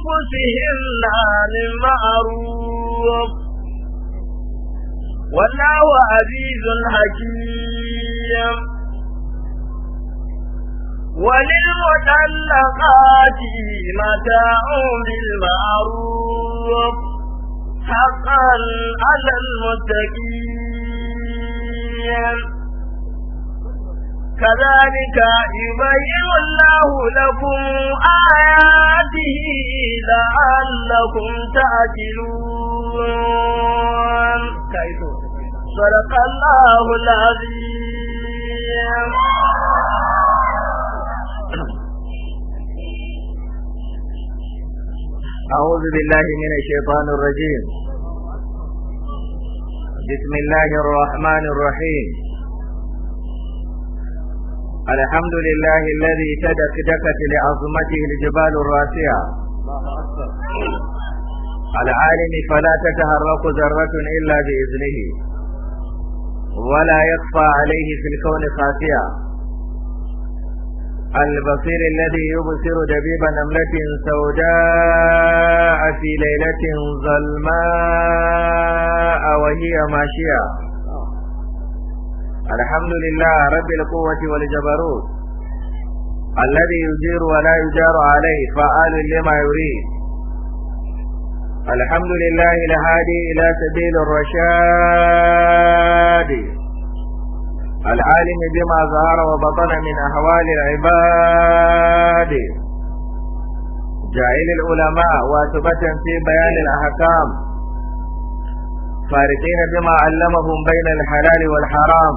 أنفسهم عن المعروف والله عزيز حكيم وللمتلقات متاع بالمعروف حقا على المتقين كذلك يبين الله لكم آياته لعلكم تأكلون صدق الله العظيم أعوذ بالله من الشيطان الرجيم بسم الله الرحمن الرحيم الحمد لله الذي تدك دكت لعظمته الجبال الراسية العالم فلا تتحرك ذرة إلا بإذنه ولا يخفى عليه في الكون خافية البصير الذي يبصر دبيب نملة سوداء في ليلة ظلماء وهي ماشية الحمد لله رب القوة والجبروت الذي يجير ولا يجار عليه فعال لما يريد الحمد لله الهادي إلى سبيل الرشاد العالم بما ظهر وبطن من أحوال العباد جاهل العلماء واتبة في بيان الأحكام فارقين بما علمهم بين الحلال والحرام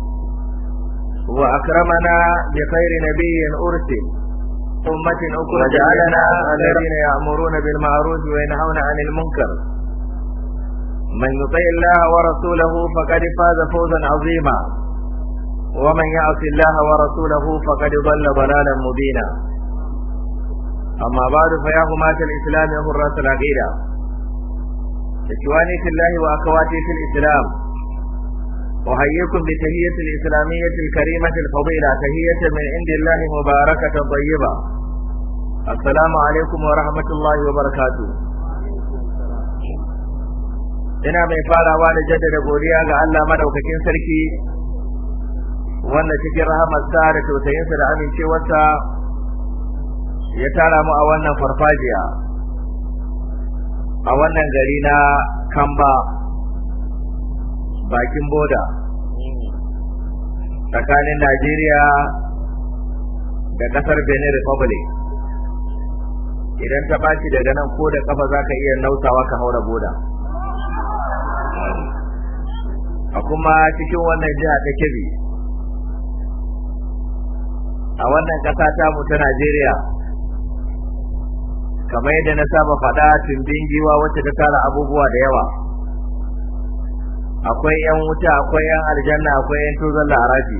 وأكرمنا بخير نبي أرسل أمة أخرج وجعلنا الذين يأمرون بالمعروف وينهون عن المنكر من يطيع الله ورسوله فقد فاز فوزا عظيما ومن يعص الله ورسوله فقد ضل ضلالا مبينا أما بعد فيا هماة الإسلام هراس العقيدة إخواني في الله وأخواتي في الإسلام أحييكم بتهية الإسلامية الكريمة الفضيلة تهية من عند الله مباركة طيبة السلام عليكم ورحمة الله وبركاته ina mai farawa da jaddada godiya ga Allah madaukakin sarki wanda cikin rahamarsa da tausayinsa da amincewarsa ya tara mu a wannan farfajiya a wannan gari na Kamba bakin boda tsakanin Najeriya da kasar Benin Republic idan ta baci daga nan ko da kafa za ka iya nautawa ka haura boda a kuma cikin wannan jiha ta kebbi a wannan ƙasa tamu ta Najeriya kamar yadda na saba faɗa tumbin giwa wacce ta tara abubuwa da yawa akwai yan wuta akwai yan aljanna akwai yan tuzon larabi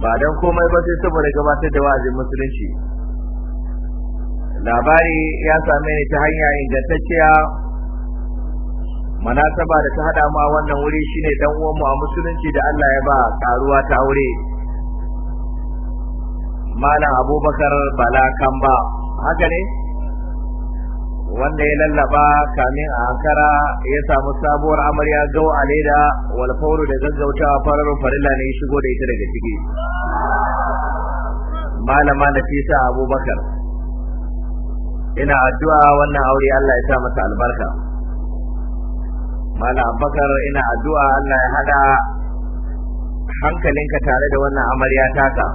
ba don komai ba sai saboda gabatar da wa'azin musulunci labari ya same ni ta hanya ingantacciya munasaba da ta haɗa ma wannan wuri shine dan uwanmu a musulunci da Allah ya ba karuwa ta aure malam abubakar bala kamba haka ne wanda ya lallaba kamin a ankara ya samu sabuwar amarya gau a leda walfauru da gaggautawa fararun farilla ne ya shigo da ita daga ciki malama na fisa abubakar ina addu'a wannan aure Allah ya sa masa albarka malam abubakar ina addu'a Allah ya hada hankalinka tare da wannan amarya taka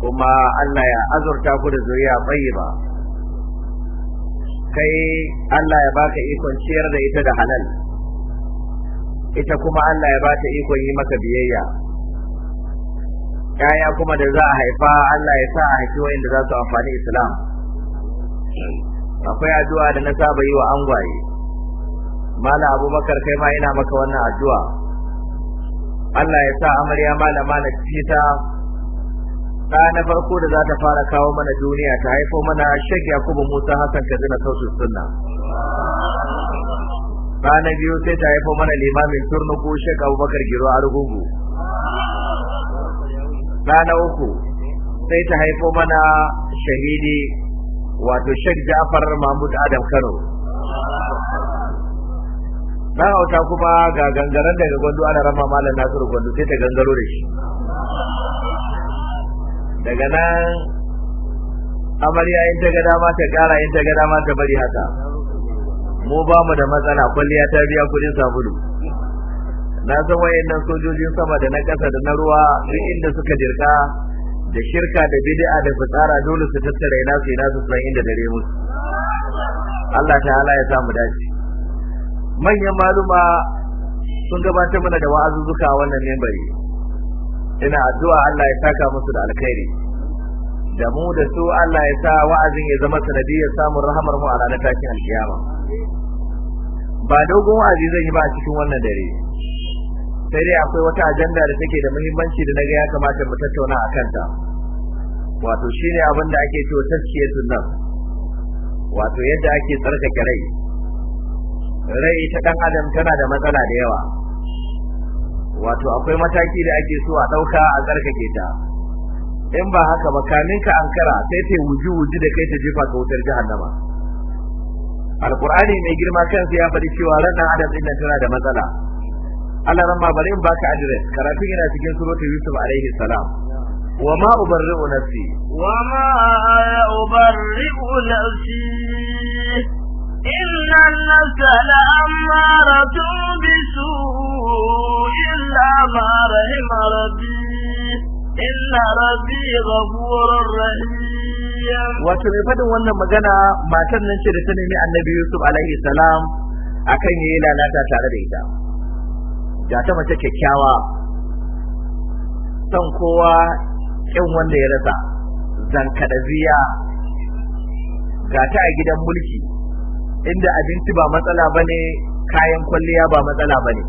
kuma Allah ya azurta ku da zuriya tayyiba kai Allah ya baka ikon ciyar da ita da halal ita kuma Allah ya bata ikon yi maka biyayya yaya kuma da za a haifa Allah ya sa a haifi da za su amfani Islam akwai addu'a da na saba yi wa angwaye mala abubakar kai ma ina maka wannan addu'a Allah ya sa amarya malama na cita na farko da za ta fara kawo mana duniya ta haifo mana Sheikh Yakubu Musa Hassan na Sautin Sunna. Rana biyu sai ta haifo mana limamin ko Sheikh Abubakar Giro Argungu. Rana uku sai ta haifo mana shahidi wato Sheikh Ja'far Mahmud Adam Kano. Na hauta kuma ga gangaren daga gwandu ana rama malam Nasiru gwandu sai ta gangaro da shi. daga nan amarya in ta ga dama ta kara in ta ga dama ta bari haka mu ba mu da matsala kwalliya ta biya kudin sabulu na san wayannan sojojin sama da na kasa da na ruwa duk inda suka dirka da shirka da bid'a da fitsara dole su tattara ina su ina su san inda dare musu Allah ta'ala ya samu dace manyan maluma sun gabatar mana da wa'azuzzuka wannan membari ina addu'a Allah ya saka musu da alkhairi da mu da su Allah ya sa wa'azin ya zama sanadiyar samun rahamar mu a ranar takin alkiyama ba dogon wa'azi zan yi ba cikin wannan dare sai dai akwai wata ajanda da take da muhimmanci da naga ya kamata mu tattauna a kanta wato shine abin da ake cewa tazkiyatun nafs wato yadda ake tsarkake rai rai ta dan adam tana da matsala da yawa wato akwai mataki da ake so a dauka a tsarkake ta in ba haka ba kamin ka ankara sai ta wuji wuji da kai ta jefa ka wutar jahannama alqur'ani mai girma kansa ya faɗi cewa ranar adam din tana da matsala Allah ran ma bari in baka address karatu yana cikin suratul yusuf alaihi salam وما أبرئ نفسي وما أبرئ نفسي إن النفس لأمارة بسوء إلا ما رحم ربي إلا ربي غفور رحيم mai faɗin wannan magana matar nan ce da ta nemi Annabi Yusuf alaihi salam akan yayi lalata tare da ita ga ta mace kyakkyawa son kowa kin wanda ya rasa zankadaziya ga ta a gidan mulki inda abinci ba matsala bane kayan kwalliya ba matsala bane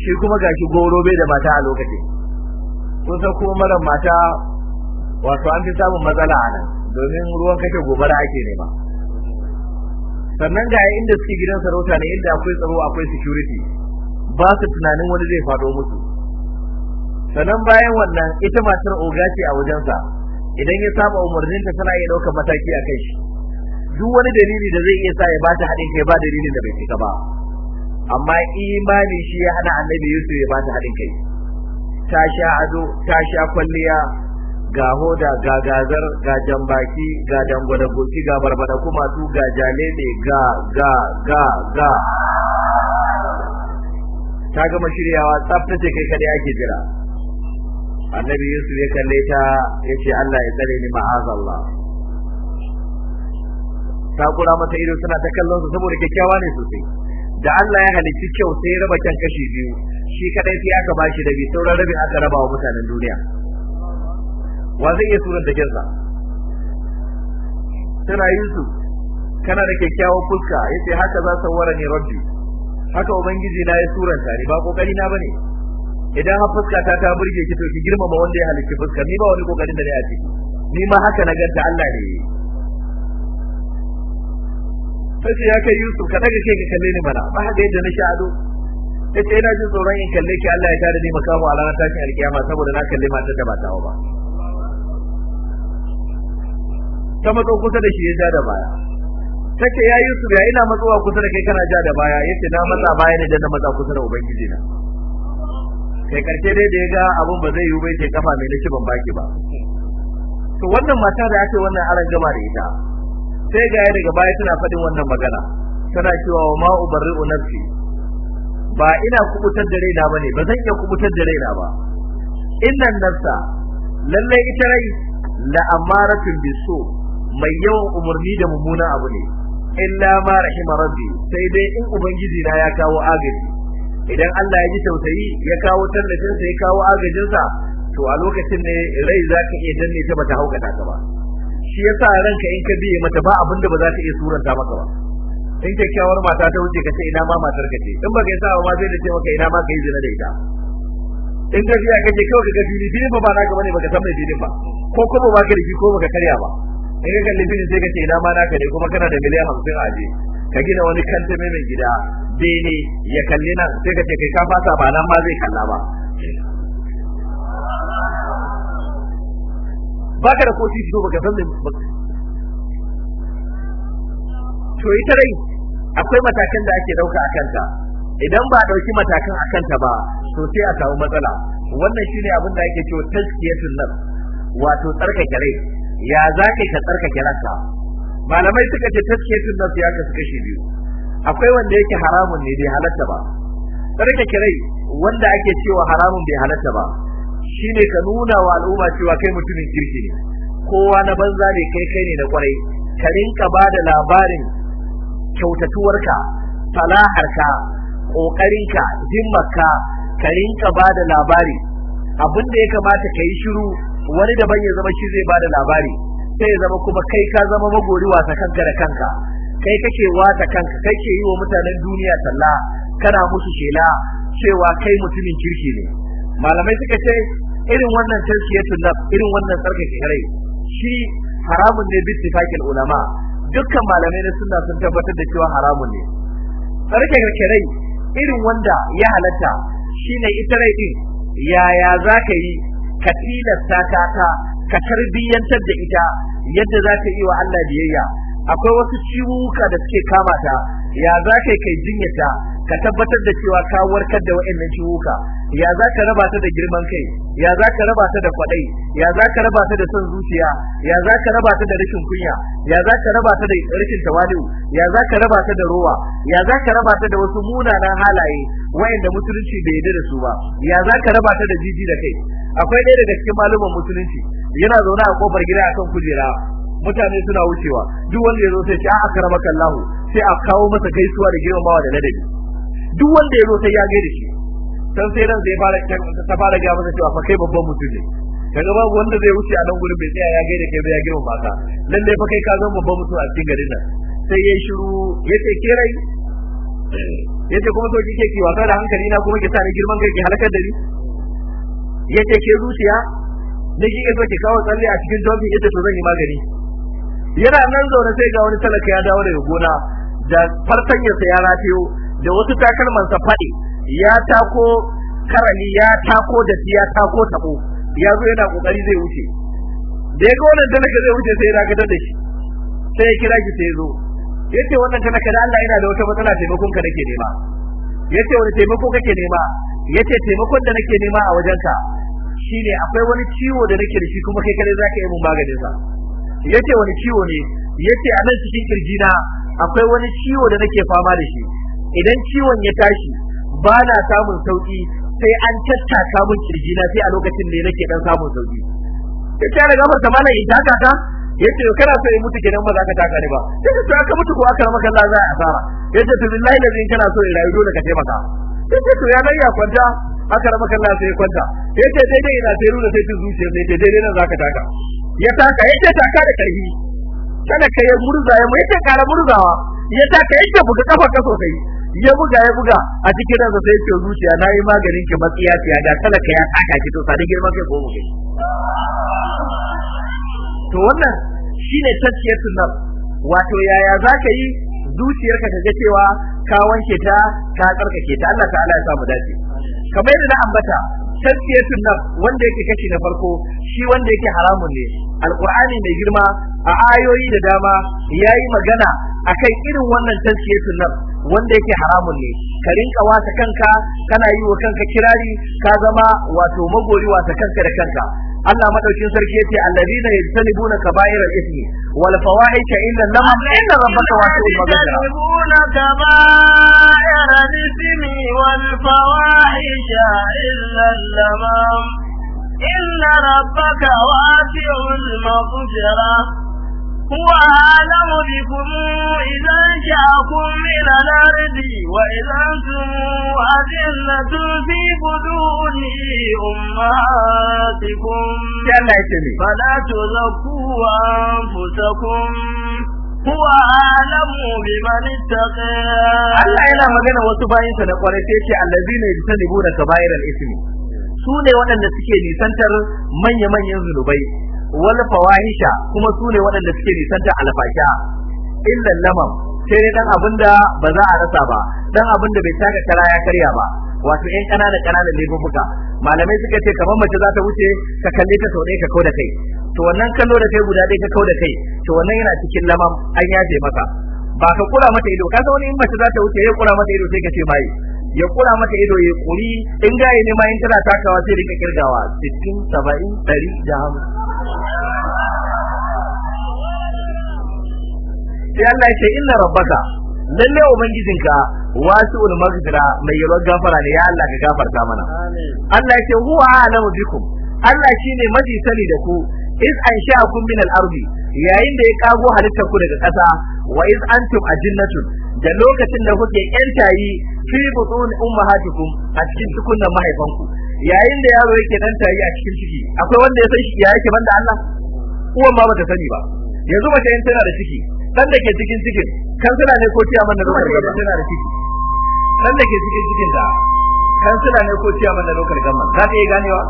shi kuma gashi goro bai da mata a lokacin kun san kuma mara mata wato an fi samun matsala a nan domin ruwan kashe gobara ake nema sannan ga inda suke gidan sarauta ne inda akwai tsaro akwai security ba su tunanin wani zai faɗo musu sannan bayan wannan ita matar oga ce a wajensa idan ya saba umarnin ta tana iya ɗaukar mataki a kai shi duk wani dalili da zai iya sa ya ba bata haɗin kai ba dalilin da bai cika ba amma imani shi ya hana annabi Yusuf ya bata hadin kai ta sha ado ta sha kwalliya ga hoda ga gazar ga jambaki ga dangwadagoki ga barbada kuma su ga jalebe ga ga ga ga ta gama shiryawa tsaftace kai kadai ke jira annabi Yusuf ya kalle ta ya ce Allah ya tsare ni ma'azallah ta kura mata ido suna ta kallon su saboda kyakkyawa ne sosai da Allah ya halicci kyau sai ya raba kyan kashi biyu shi kadai sai aka bashi rabi sauran rabin aka raba wa mutanen duniya wa zai iya surar da kyansa tana yusuf kana da kyakkyawar fuska yace haka za wara ne rabbi haka ubangiji na ya suranta ni ba kokari na bane idan har fuska ta ta burge ki to ki girmama wanda ya halicci fuska ni ba wani kokarin da ne a ciki ni ma haka na ganta Allah ne sai ce ya kai yusuf ka daga kai ka kalle ni mana ba haka yadda na sha ado sai ce ina jin tsoron in kalle ki Allah ya tada ni makamu a ranar tashin alkiyama saboda na kalle mata da ba tawo ba ta matso kusa da shi ya ja da baya ta ce ya yusuf ya ina matsowa kusa da kai kana ja da baya ya ce na matsa baya ne dan na matsa kusa da ubangiji na kai karshe dai da ya ga abun ba zai yiwu bai ce kafa mai nake ban baki ba to wannan mata da ake wannan aran gama da ita sai ga ya daga baya tana faɗin wannan magana tana cewa wa ma nafsi ba ina kubutar da raina bane ba zan iya kubutar da raina ba innan nafsa lalle ita rai la amaratun bisu mai yawan umarni da mummuna abu ne illa ma rahima rabbi sai dai in ubangiji na ya kawo agaji idan Allah ya ji tausayi ya kawo tallafin sa ya kawo agajin sa to a lokacin ne rai zaka iya danne ta bata haukata ka ba shi yasa ranka in ka biye mata ba abinda ba za ta iya suranta maka ba in kyakkyawar mata ta wuce ka ce ina ma matar ka ce in baka yi sa'a ma zai da ce maka ina ma ka yi zina da ita in ka ce kawai ka fili fili ba ba naka bane baka san mai fili ba ko kuma ba ka ko baka karya ba in ka kalli fili sai ka ce ina ma naka ne kuma kana da miliyan hamsin a je ka gina wani kanta mai mai gida bene ya kalli nan sai ka ce kai ka fasa ba nan ma zai kalla ba baka da koti ba baka san ba to ita rai akwai matakan da ake dauka akan ta idan ba dauki matakan akan ta ba to sai a samu matsala wannan shine abin da ake cewa tazkiyatul nafs wato tsarkake rai ya zaka ka tsarkake ranka malamai suka ce tazkiyatul nafs ya kasu kashi biyu akwai wanda yake haramun ne bai halatta ba tsarkake rai wanda ake cewa haramun bai halatta ba shine ka nuna wa al'umma cewa kai mutumin kirki ne kowa na banza ne kai kai ne na kwarai ka rinka ba da labarin kyautatuwarka salaharka ƙoƙarinka himmarka ka rinka ba da labari abin da ya kamata ka yi shiru wani daban ya zama shi zai ba da labari sai ya zama kuma kai ka zama magori wasa kanka da kanka kai kake wata kanka kai ke yi wa mutanen duniya talla kana musu shela cewa kai mutumin kirki ne malamai suka ce irin wannan ya tunna irin wannan ke rai shi haramun ne bi tifakil ulama dukkan malamai na sunna sun tabbatar da cewa haramun ne ke rai irin wanda ya halatta shine ita rai din yaya zaka yi ka tilasta ta ka tarbiyyantar da ita yadda za yi wa Allah biyayya akwai wasu ciwuka da suke kama ta ya za ka kai kai jinyata ka tabbatar da cewa ka warkar da wa'annan ciwuka ya za ka raba ta da girman kai ya za ka raba ta da kwadai ya za ka raba ta da son zuciya ya za ka raba ta da rashin kunya ya za ka raba ta da rashin tawali'u ya za ka raba ta da rowa ya za ka raba ta da wasu munanan halaye wa'anda musulunci bai yarda da su ba ya za ka raba ta da jiji da kai akwai ɗaya daga cikin malaman musulunci yana zaune a kofar gida akan kujera mutane suna wucewa duk wanda yazo sai ce a akramaka Allah sai a kawo masa gaisuwa da girmamawa da ladabi duk wanda yazo sai ya gaida shi san sai ran sai fara ta fara ga masa cewa fa kai babban mutum ne kaga ba wanda zai wuce a nan gurin bai tsaya ya gaida kai ba ya girmama ka lalle fa kai ka zama babban mutum a cikin garin nan sai ya shiru yace ke rai yace kuma to kike ki wasa da hankali na kuma ki sa ni girman kai ki halakar da ni yace ke zuciya ne ke so ki kawo tsalle a cikin dobi yadda to zan yi magani yana nan zaune sai ga wani talaka ya dawo daga gona da fartanyarsa ya ratayo da wasu sa faɗi ya tako karani ya tako da ya tako tabo ya zo yana kokari zai wuce da ya ga wannan talaka zai wuce sai ya dakatar da shi sai ya kira shi sai ya zo yace wannan talaka da Allah yana da wata matsala taimakon ka nake nema yace wani taimako kake nema yace taimakon da nake nema a wajenka shine akwai wani ciwo da nake da shi kuma kai kare zaka yi mun maganin sa yace wani ciwo ne yace a nan cikin na akwai wani ciwo da nake fama da shi idan ciwon ya tashi ba na samun sauki sai an tatta samun kirji na sai a lokacin ne nake dan samun sauki yace daga masa malam in taka ta yace kana so in mutu kenan ba za ka taka ni ba yace to aka mutu ko aka maka Allah za a asara yace to billahi da in kana so in rayu dole ka taimaka yace to ya gayya kwanta aka maka Allah sai kwanta yace daidai ina sai runa sai ta zuciya sai daidai nan za ka taka ya taka yake taka da karfi talaka ya murza ya mai taka da murzawa ya taka yake buga kafa ka sosai ya buga ya buga a cikin ransa sai ke zuciya na yi maganin ki matsiya ta da talaka ya taka ki to sai girma kai ko mu kai to wannan shine tazkiyatun nafs wato yaya zaka yi zuciyarka ka ga cewa ka wanke ta ka tsarkake ta Allah ta'ala ya samu dace kamar yadda na ambata tazkiyatun nafs wanda yake kashi na farko shi wanda yake haramun ne alqur'ani mai girma a ayoyi da dama yayi magana akan irin wannan tazkiyatun nafs wanda yake haramun ne ka rinka wasa kanka kana yi wa kanka kirari ka zama wato magori wasa kanka da kanka Allah madaukin sarki yace alladina yajtanibuna kaba'ira al-ithmi wal fawahisha illa lam inna rabbaka wasi'ul maghfirah yajtanibuna kaba'ira al-ithmi wal fawahisha illa lam inna rabbaka wasi'ul maghfirah هو أعلم بكم إذا جاءكم من الأرض وإذا أنتم أذلة في بدون أمهاتكم فلا تزكوا أنفسكم هو أعلم بمن اتقى الله yana magana wasu bayin sa na kwarai sai ce allazina yajtanibuna kaba'ir al-ithmi su ne waɗanda suke nisantar manya-manyan zunubai wal fawahisha kuma sune ne waɗanda suke nisanta alfasha illa lamam sai dai dan abinda ba za a rasa ba dan abinda bai taka kara ya karya ba wato ƴan ƙanana ƙananan laifuffuka malamai suka ce kamar mace za ta wuce ka kalle ta sau ɗaya ka kau da kai to wannan kallo da kai guda ɗaya ka kau da kai to wannan yana cikin lamam an yaje maka ba ka kura mata ido ka san wani in mace za ta wuce ya kula mata ido sai ka ce bai ya kula mata ido ya kuri in ga yi ma tana takawa sai rika kirgawa 60 70 dari da sai Allah ya ce inna rabbaka lalle ubangijinka wasi'ul maghfira mai yalwar gafara ne ya Allah ka gafarta mana Allah ya ce huwa alamu bikum Allah shine maji sani da ku iz ansha'akum min al-ardi yayin da ya kago halitta ku daga ƙasa wa iz antum ajinnatun da lokacin da kuke yan tayi fi butun ummahatikum a cikin tukunnan mahaifanku yayin da yaro yake dan tayi a cikin ciki akwai wanda ya san shi ya yake banda Allah uwan ma bata sani ba yanzu ba kai tana da ciki dan da ke cikin cikin kan tana ne ko tiya manna lokar gamma tana da ciki dan da ke cikin cikin da kan tana ne ko tiya manna lokar gamma za ta iya ganewa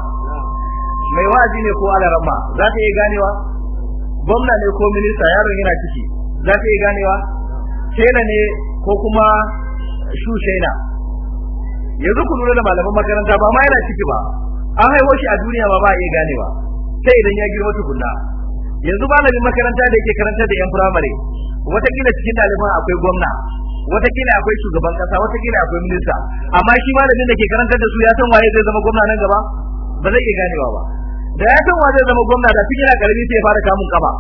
mai wa'azi ne ko rama za ta iya ganewa gwamna ne ko minista yaron yana ciki za ta iya ganewa tela ne ko kuma shushaina yanzu ku lura da malaman makaranta ba ma yana ciki ba an haihuwa shi a duniya ba ba a iya ganewa sai idan ya girma tukunna yanzu malamin makaranta da yake karanta da yan firamare watakila cikin ɗaliban akwai gwamna watakila akwai shugaban kasa watakila akwai minista amma shi malamin da ke karantar da su ya san waye zai zama gwamna nan gaba ba zai iya ganewa ba da ya san waye zai zama gwamna da cikin karami sai ya fara kamun kaba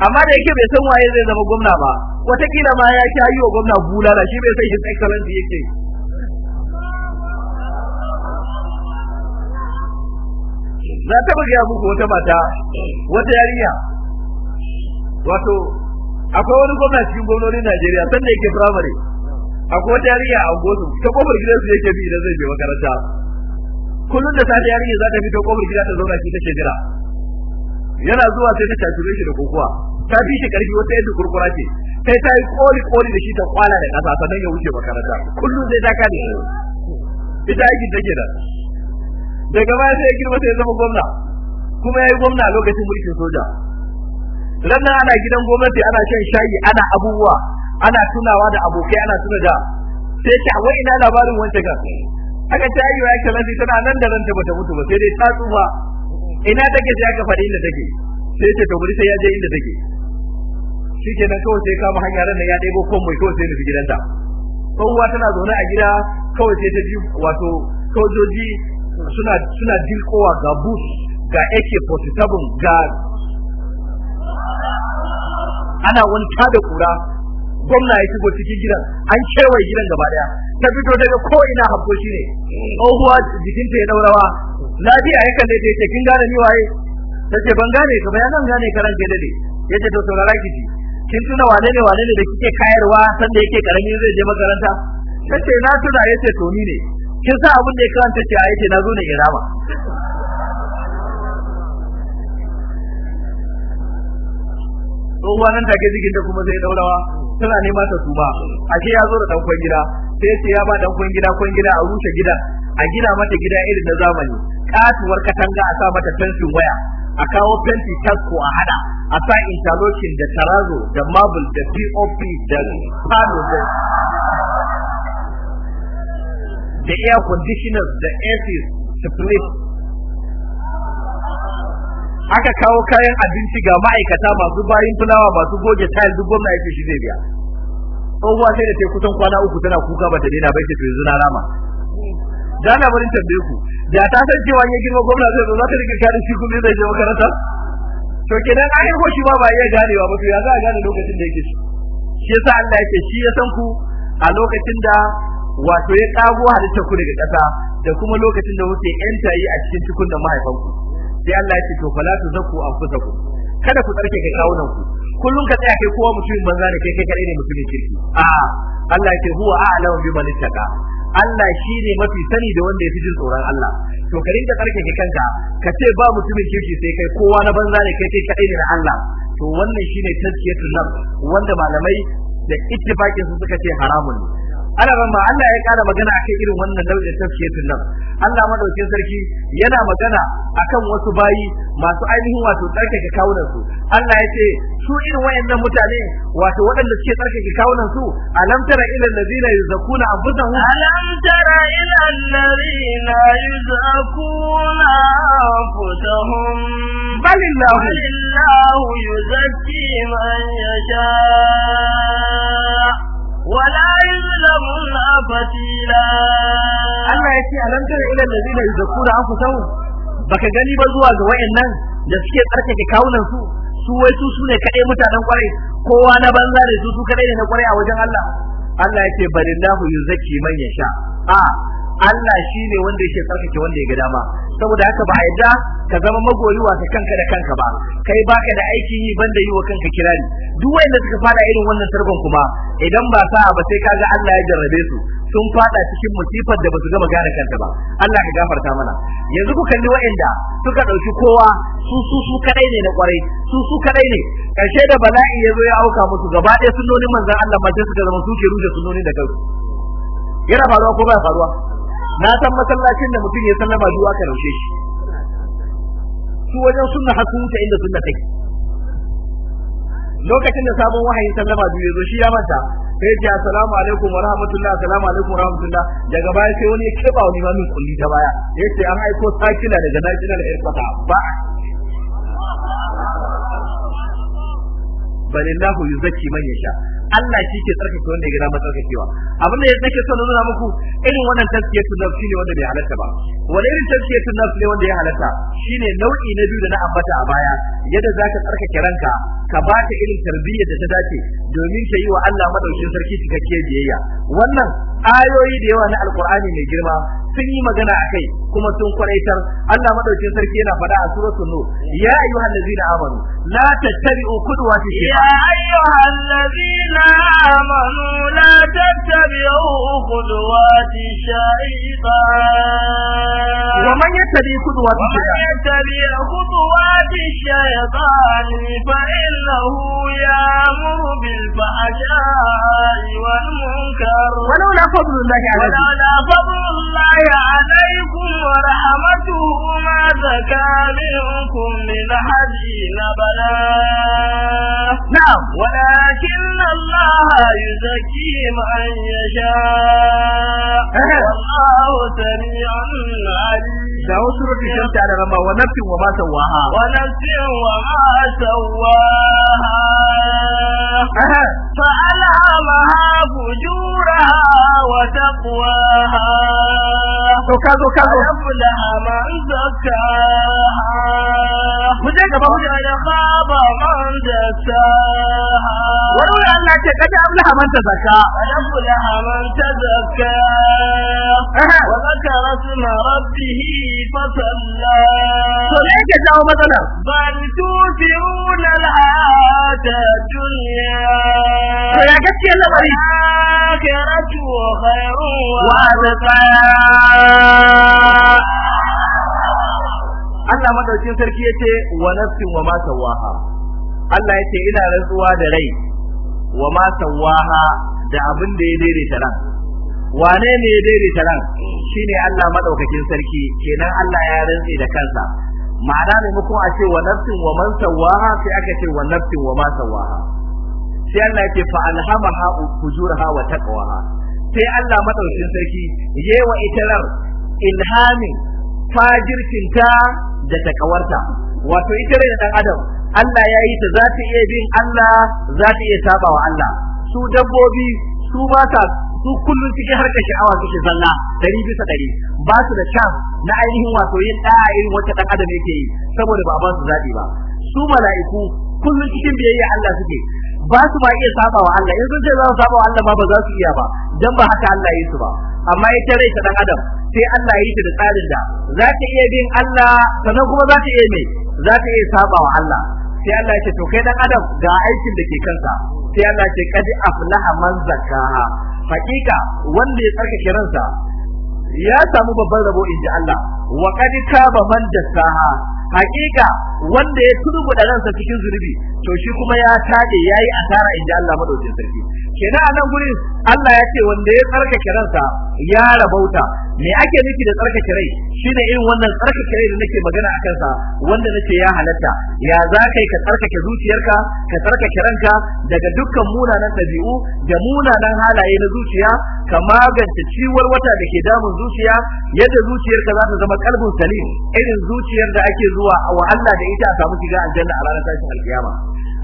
amma da yake bai san waye zai zama gwamna ba watakila ma ya ki wa gwamna bulala shi bai san his excellency yake na taba gaya muku wata mata wata yarinya wato akwai wani gwamna cikin gwamnonin Najeriya san da yake primary akwai wata yarinya a gosu ta kofar gidansu yake bi idan zai je makaranta kullun da safe yarinya za ta fito kofar gida ta zauna shi take jira yana zuwa sai ta tature shi da kokowa ta bi shi karfi wata yadda kurkura ce sai ta yi koli koli da shi ta kwala da kasa sannan ya wuce makaranta kullum sai ta kare ita aiki take da daga baya sai ya girma sai ya zama gwamna kuma ya yi gwamna a lokacin mulkin soja ranar ana gidan gwamnati ana shan shayi ana abubuwa ana tunawa da abokai ana tuna da sai ta wai ina labarin wancan kan haka ta yi wa ya kalazi tana nan da nan ta bata mutu ba sai dai ta tsufa ina take sai ka fadi inda take sai ce to guri sai ya je inda take nan kawai sai kama hanya ran ya dai kon mai kawai sai nufi gidanta tsohuwa tana zaune a gida kawai sai ta ji wato sojoji suna suna dilkowa ga bus ga AK47 ga ana wani tada kura gwamna ya shigo cikin gidan an kewaye gidan gaba daya ta fito daga ko ina hakko shi ne tsohuwa jikinta ya daurawa lafiya ya kalle ta yace kin gane ni waye tace ban gane ka ba ya zan gane karan ke dade yace to saurara ki ji kin tuna wane ne wane ne da kike kayarwa sanda yake karamin zai je makaranta tace na tuna yace to ni ne kin sa abun da ya ta ce yace na zo ne irama to nan take zikin da kuma sai daurawa tana nema ta tuba ashe ya zo da dan gida sai sai ya ba dan gida kun gida a rushe gida a gina mata gida irin na zamani katuwar katanga a sa mata fencin waya a kawo fenti tasko a hada a sa interlocking da tarazo da marble da pop da palo da da air conditioners da to please aka kawo kayan abinci ga ma'aikata masu bayin fulawa masu goge tayil duk gwamna yake shi zai biya tsohuwa sai da ta kusan kwana uku tana kuka ta daina ba ke to yanzu na rama da na barin tambaye ku da ta san cewa ya girma gwamna zai zo za ta rike karin shi kuma zai je makaranta to kenan an yi shi ba ba iya ganewa ba to ya za a gane lokacin da yake shi shi yasa Allah yake shi ya san ku a lokacin da wato ya kago halitta ku daga ƙasa da kuma lokacin da yanta yi a cikin cikin da mahaifanku sai Allah ya ce to fala tu zaku anfusakum kada ku tsarke kai kawunan ku kullun ka tsaya kai kowa mutumin banza ne kai kai kadai ne mutumin kirki a Allah ya ce huwa a'lamu biman ittaqa Allah shi ne mafi sani da wanda ya fi jin tsoron Allah to ka rinka tsarkake kanka ka ce ba mutumin kirki sai kai kowa na banza ne kai kai kadai ne na Allah to wannan shine tazkiyatun nafs wanda malamai da ittifakin su suka ce haramun ne ana ban ba Allah ya kara magana akan irin wannan daular tafsirin nan Allah madaukin sarki yana magana akan wasu bayi masu ainihin wato tsarkake kawunan su Allah ya ce su irin wayannan mutane wato waɗanda suke tsarkake kawunan su alam tara ila allazina yuzakuna anfusahum alam tara ila allazina yuzakuna anfusahum بل الله الله يزكي من يشاء ولا يسلمون فتيلا الله يكي ألم تر إلى الذين أنفسهم baka gani ba zuwa ga wayannan da suke tsarkake kawunan su su wai su sune kaɗai mutanen kwarai kowa na banza da su su kadai ne na kwarai a wajen Allah Allah yake barillahu yuzaki man yasha a Allah shi ne wanda yake tsarkake wanda ya ga dama saboda haka ba yadda ka zama magoyi wa kanka da kanka ba kai baka da aiki yi banda yi wa kanka kirari duk wanda suka fada irin wannan tarban kuma idan ba sa'a ba sai kaga Allah ya jarrabe su sun fada cikin musifar da basu gama gane kanta ba Allah ka gafarta mana yanzu ku kalli wa'anda suka dauki kowa su su su kadai ne na kwarai su su kadai ne karshe da bala'i ya zo ya auka musu gaba ɗaya sunnonin manzon Allah ma sai suka zama suke rushe sunnonin da kansu yana faruwa ko ba faruwa na san masallacin da mutum ya sallama duwa ka raushe shi su wajen sunna har sun inda sunna take lokacin da sabon wahayin sallama biyu ya zo shi ya manta sai ce assalamu alaikum wa rahmatullah assalamu alaikum wa rahmatullah daga baya sai wani ya keba wani min kulli ta baya yace an aiko sakina daga national airport ba balillahu yuzakki man yasha Allah shi ke tsarkake wanda ya gina matsarkakewa abin da nake so na nuna muku irin wannan tazkiyatu nafsi ne wanda bai halatta ba wani irin tazkiyatu nafsi ne wanda ya halatta shine nau'i na biyu da na ambata a baya yadda zaka tsarkake ranka ka ba irin tarbiyyar da ta dace domin ka yi wa Allah madaukin sarki cikakke biyayya wannan ayoyi da yawa na alqur'ani mai girma sun yi magana akai kuma sun kwaraitar Allah madaukin sarki yana faɗa a suratul nur ya ayyuhallazina amanu la tattabi'u qudwati ya ayyuhallazina آمنوا لا تتبعوا خدوات الشيطان ومن يتبع خطوات الشيطان فإنه يأمر بالفحشاء والمنكر ولولا فضل الله عليكم ولولا فضل الله عليكم ورحمته ما زكى منكم من حزين بلاء نعم ولكن الله الله يزكي من يشاء والله سميع عليم دعوة سورة الشمس على رمى ونفس وما سواها ونفس وما سواها فألهمها فجورها وتقواها كذو كذو يبلها من زكاها وقد خاب من دساها ولولا أن ce kada Allah man ta zakka wala man ta zakka wa zakara sma rabbih fa salla to ne ke jawo matsala bal tusirun al hayata dunya to ya gaskiya labari akhiratu khairun wa abqa Allah madaukin sarki yace wa nafsin wa ma sawaha Allah yace ina rantsuwa da rai wa ma sawaha da abin da ya daidaita ran wane ne ya daidaita ran shine Allah madaukakin sarki kenan Allah ya rantsi da kansa ma'ana ne muku a ce wa nafsin wa man sawaha sai aka ce wa nafsin wa ma sawaha sai Allah ya ce fa alhamaha fujuraha wa taqwaha sai Allah madaukakin sarki yewa ita ran ilhamin fajirkinta da takawarta wato ita rai dan adam Allah ya yi ta za ta iya bin Allah za ta iya saba wa Allah su dabbobi su ba ta su kullun cikin harkar sha'awa suke zalla dari bisa dari ba su da can na ainihin wato yin da'a irin wacce dan adam yake yi saboda ba ba su zabi ba su mala'iku kullun cikin biyayya Allah suke ba su ba iya saba wa Allah in sun ce za su saba wa Allah ba ba za su iya ba dan ba haka Allah yi su ba amma ita rai ta dan adam sai Allah yi ta da tsarin da za ta iya bin Allah sannan kuma za ta iya mai za ta iya saba wa Allah sai Allah ya to kai dan adam ga aikin da ke kansa sai Allah ya ce aflaha man zakaha hakika wanda ya tsarkake ransa ya samu babban rabo inji Allah wa qad kaba man dasaha hakika wanda ya turbuda ransa cikin zunubi to shi kuma ya tade yayi asara inji Allah madaukakin sarki kenan anan guri Allah ya ce wanda ya tsarkake ransa ya rabauta me ake nufi da tsarkake rai shine irin wannan tsarka kirai da nake magana akan sa wanda nake ya halatta ya za kai ka tsarkake zuciyarka ka tsarkake ranka daga dukkan munanan dabi'u da munanan halaye na zuciya ka magance ciwar wata da ke damun zuciya yadda zuciyarka za ta zama kalbun salim irin zuciyar da ake zuwa wa Allah da ita a samu shiga aljanna a ranar tashin alkiyama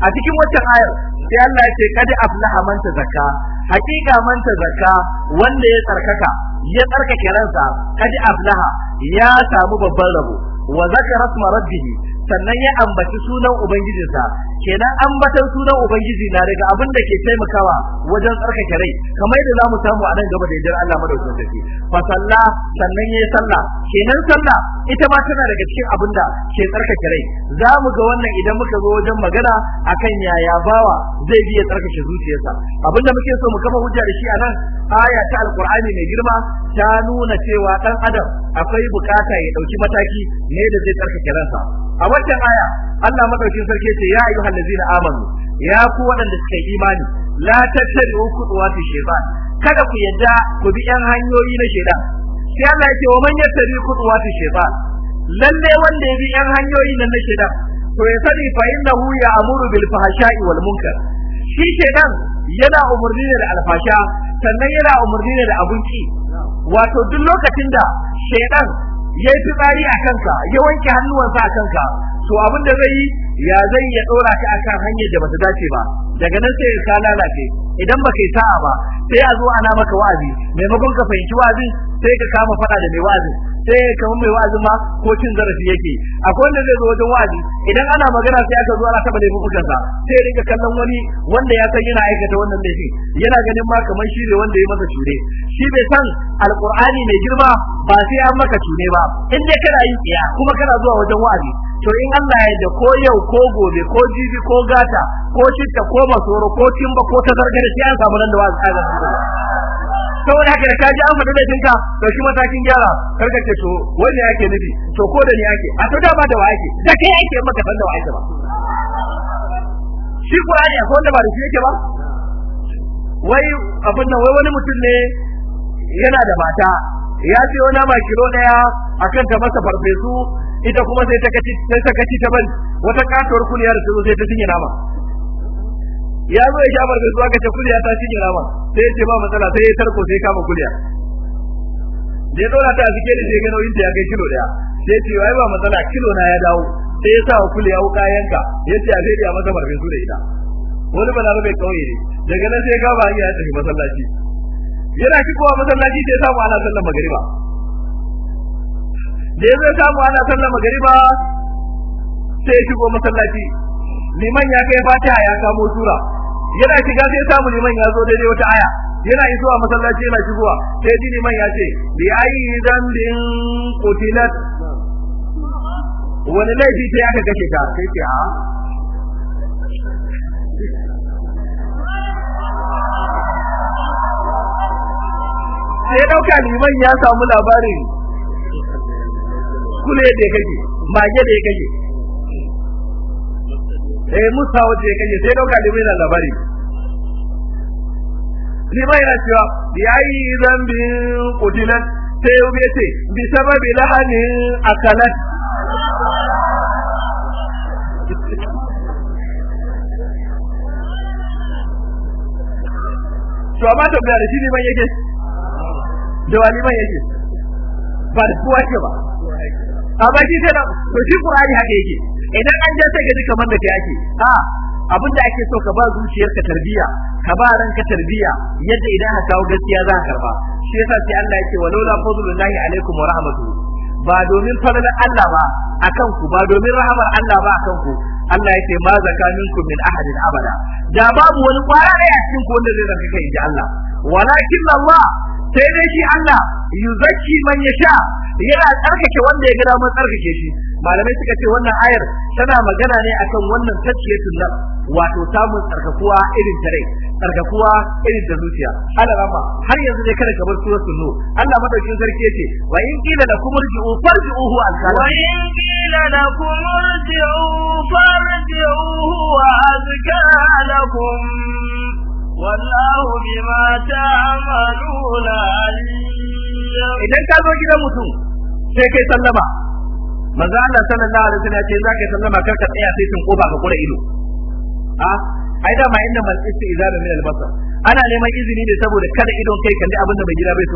a cikin wata ayar sai Allah ya ce kad aflaha man tazakka hakika man tazakka wanda ya tsarkaka ya tsarkake ransa kad aflaha ya samu babban rabo wa zakara rabbihi sannan ya ambaci sunan ubangijinsa kenan ambatan sunan ubangiji na daga abin da ke taimakawa wajen tsarkake rai kamar yadda zamu samu a nan gaba da yardar Allah madaukakin sarki fa salla sannan yayi salla kenan salla ita ma tana daga cikin abin da ke tsarkake rai zamu ga wannan idan muka zo wajen magana akan yaya bawa zai biya tsarkake zuciyarsa abin da muke so mu kafa hujja da shi a nan aya ta alqur'ani mai girma ta nuna cewa dan adam akwai bukata ya dauki mataki ne da zai tsarkake ransa a wannan aya Allah madaukin sarki ce ya ayyuhal ladzina amanu ya ku waɗanda suka imani la tattabi'u fi shaytan kada ku yadda ku bi yan hanyoyi na shaytan sai Allah yace wa man yattabi fi shaytan lalle wanda ya bi yan hanyoyi nan na shaytan to ya sani fa innahu amuru bil fahsha'i wal munkar shi shaytan yana umurni da alfasha sannan yana umurni da abunci wato duk lokacin da shaytan ya yi fitsari a kanka ya wanke hannuwansa a kanka to abin da zai yi ya zai ya dora ka akan hanyar da bata dace ba daga nan sai ka lalace idan baka yi sa'a ba sai a zo ana maka wa'azi maimakon ka fahimci wa'azi sai ka kama fada da mai wa'azi sai ka mai wa'azi ma ko cin zarafi yake akwai wanda zai zo wajen wa'azi idan ana magana sai aka zo ana taba da fukan sa sai rinka kallon wani wanda ya san yana aikata wannan laifi yana ganin ma kamar shi ne wanda ya masa cure shi bai san alqur'ani mai girma ba sai an maka cure ba in dai kana yi kuma kana zuwa wajen wa'azi to in Allah ya da ko yau ko gobe ko jibi ko gata ko shitta ko masoro ko timba ko ta da shi an samu nan da wazi kaza saboda haka da ji an faɗi da tinka to shi matakin gyara karka ce to wani yake nufi to ko da ni yake a to da ba da wa da kai yake maka fanda da wa ba shi Qur'ani ko da ba da shi yake ba wai abin nan wai wani mutum ne yana da mata ya siyo nama kilo daya akan ta masa farfesu ita kuma sai ta kaci sai ta kaci ta bari wata katuwar kuliya da zo sai ta cinye nama ya zo ya sha farfesu aka ce kuliya ta cinye nama sai ya ce ba matsala sai ya tarko sai kama kuliya da ya dora ta a cikin sai ga nauyin ta ya kai kilo daya sai ce wai ba matsala kilo na ya dawo sai ya sa wa kuliya wuka yanka ya ce a sai ya masa farfesu da ita wani bai kauye ne daga nan sai ya kama hanya ya tafi masallaci yana shigowa masallaci sai samu ana sallar magariba da yanzu zai samu ana sallar magariba sai shigo masallaci liman ya kai fatiha ya kamo sura yana shiga sai samu liman ya zo daidai wata aya yana isowa masallaci yana shigowa sai ji liman ya ce bi ayi zambin kutilat wani laifi sai aka kashe ka sai ce a sai dauka liman ya samu labarin kule da kake mage da kake eh musa wace kake sai dauka liman ya labari liman ce ya yi zambi kudilan sai yau ce bi sababi lahanin akalat to amma da shi ne man yake da waliman yake ba da kowa ke ba amma shi sai to shi qur'ani haka yake idan an je sai ka ji kamar da kai ake a abin da ake so ka ba ka tarbiya ka ba ka tarbiya yadda idan ka kawo gaskiya za ka karba shi yasa sai Allah yake walaula fadlullahi alaikum wa rahmatuhu ba domin fadlan Allah ba akan ku ba domin rahamar Allah ba akan ku Allah yake ma zakaninku min ahadin abada da babu wani kwara ne a cikin ku wanda zai ranka kai ji Allah walakin Allah sai dai shi Allah yuzakki man yasha yana tsarkake wanda ya ga damar tsarkake shi malamai suka ce wannan ayar tana magana ne akan wannan tacciyatul nafs wato samun tsarkakuwa irin ta rai tsarkakuwa irin da zuciya Alama har yanzu ne kada ka bar suratul nur Allah madaukin sarki yace wa in qila lakum irji'u farji'uhu al-kalam wa in qila lakum irji'u farji'uhu wa azka lakum wallahu bima ta'maluna idan ka zo gidan mutum sai kai sallama manzo Allah sallallahu alaihi wasallam ce za ka sallama kar ka tsaya sai sun koba ka kura ido a ai da ma inda mal istizana min al-basar ana neman izini ne saboda kada idon kai kalli abin da bai gida bai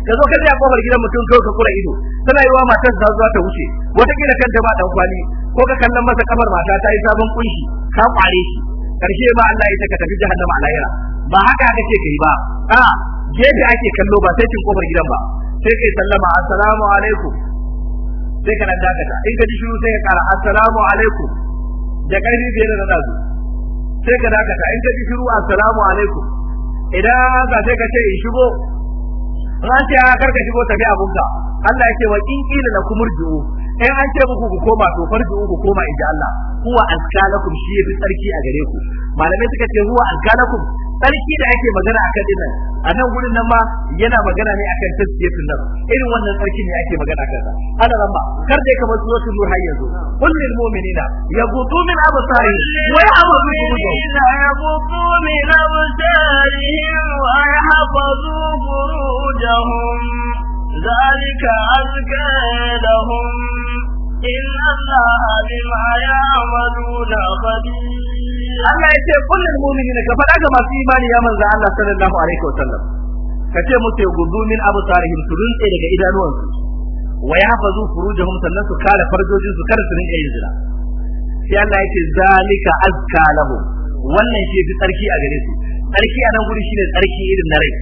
so ka gani ka zo ka tsaya a kofar gidan mutum ko ka kura ido tana yiwa matar za zuwa ta wuce wata kila kanta ba dan kwali ko ka kallon masa kamar mata ta yi sabon kunshi ka kware shi karshe ma Allah ya ka tafi jahannama a lahira ba haka kake kai ba a gefe ake kallo ba sai kin kofar gidan ba sai kai sallama assalamu alaikum sai ka nan dakata in ka ji shiru sai ka kara assalamu alaikum da karfi biyar da nazu sai ka dakata in ka ji shiru assalamu alaikum idan ka sai ka ce in shigo in an ce karka shigo tafi abunka Allah ya ce wa in ila la kumurju in an ce muku ku koma to farji ku koma inda Allah huwa azkalakum shi yafi tsarki a gare ku malamai suka ce huwa azkalakum tsarki da ake magana akan din nan a nan gurin nan ma yana magana ne akan tasfiyatun nan irin wannan tsarkin ne ake magana akan sa ana nan ba kar dai kamar suratul nur har yanzu kul lil mu'minina yaghuddu min absarihim wa yahfazu furujahum yaghuddu min absarihim wa yahfazu furujahum ذلك أزكى لهم إن الله بما يعملون خبير الله يتي كل المؤمنين masu كما في إيمان يا من الله صلى الله عليه وسلم kace musu gudu min abu tarihin su rinse daga idanuwan su. wa ya yahfazu furujahum sannan su kare farjojin su kar su rinka yin zina sai Allah ya yake zalika azka lahum wannan shi fi tsarki a gare su tsarki a nan guri shine tsarki irin na rai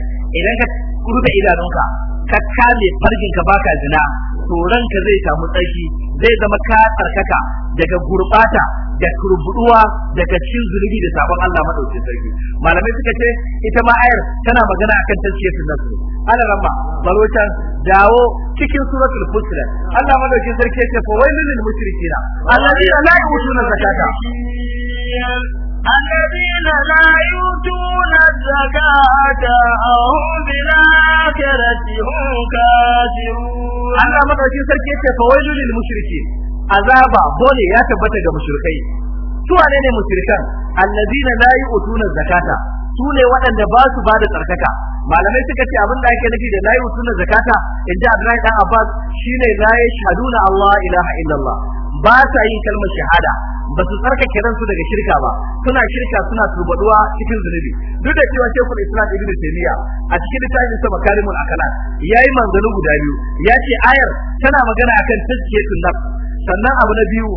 idan ka rufe idanunka ka kame farjin ka baka zina to zai samu tsaki zai zama ka tsarkaka daga gurbata da kurbuduwa daga cin zulubi da sabon Allah madaukakin sarki malamai suka ce ita ma ayar tana magana akan tazkiyatul nasr ala rabba barotan dawo cikin suratul fusilat Allah madaukakin sarki ce fa wailul lil mushrikina alladheena la yu'tuna zakata الذين لا يؤتون الزكاة أهم بالآخرة Allah madaukakin sarki yace fa wailul lil mushrikin azaba bole ya tabbata ga mushrikai su wane ne mushrikan allazina la yu'tuna zakata su ne waɗanda ba su ba da tsarkaka malamai suka ce abin da ake nufi da la yu'tuna zakata in ji Abdullahi dan Abbas shine la yashhaduna Allah ilaha illallah ba ta yin kalmar shahada ba su tsarkake ransu daga shirka ba suna shirka suna turbaduwa cikin zunubi duk da cewa shekul islam ibnu taymiya a cikin littafin sa makarimul akalat yayi manzanu guda biyu ya ce ayar tana magana akan tazkiyatun nafs sannan abu na biyu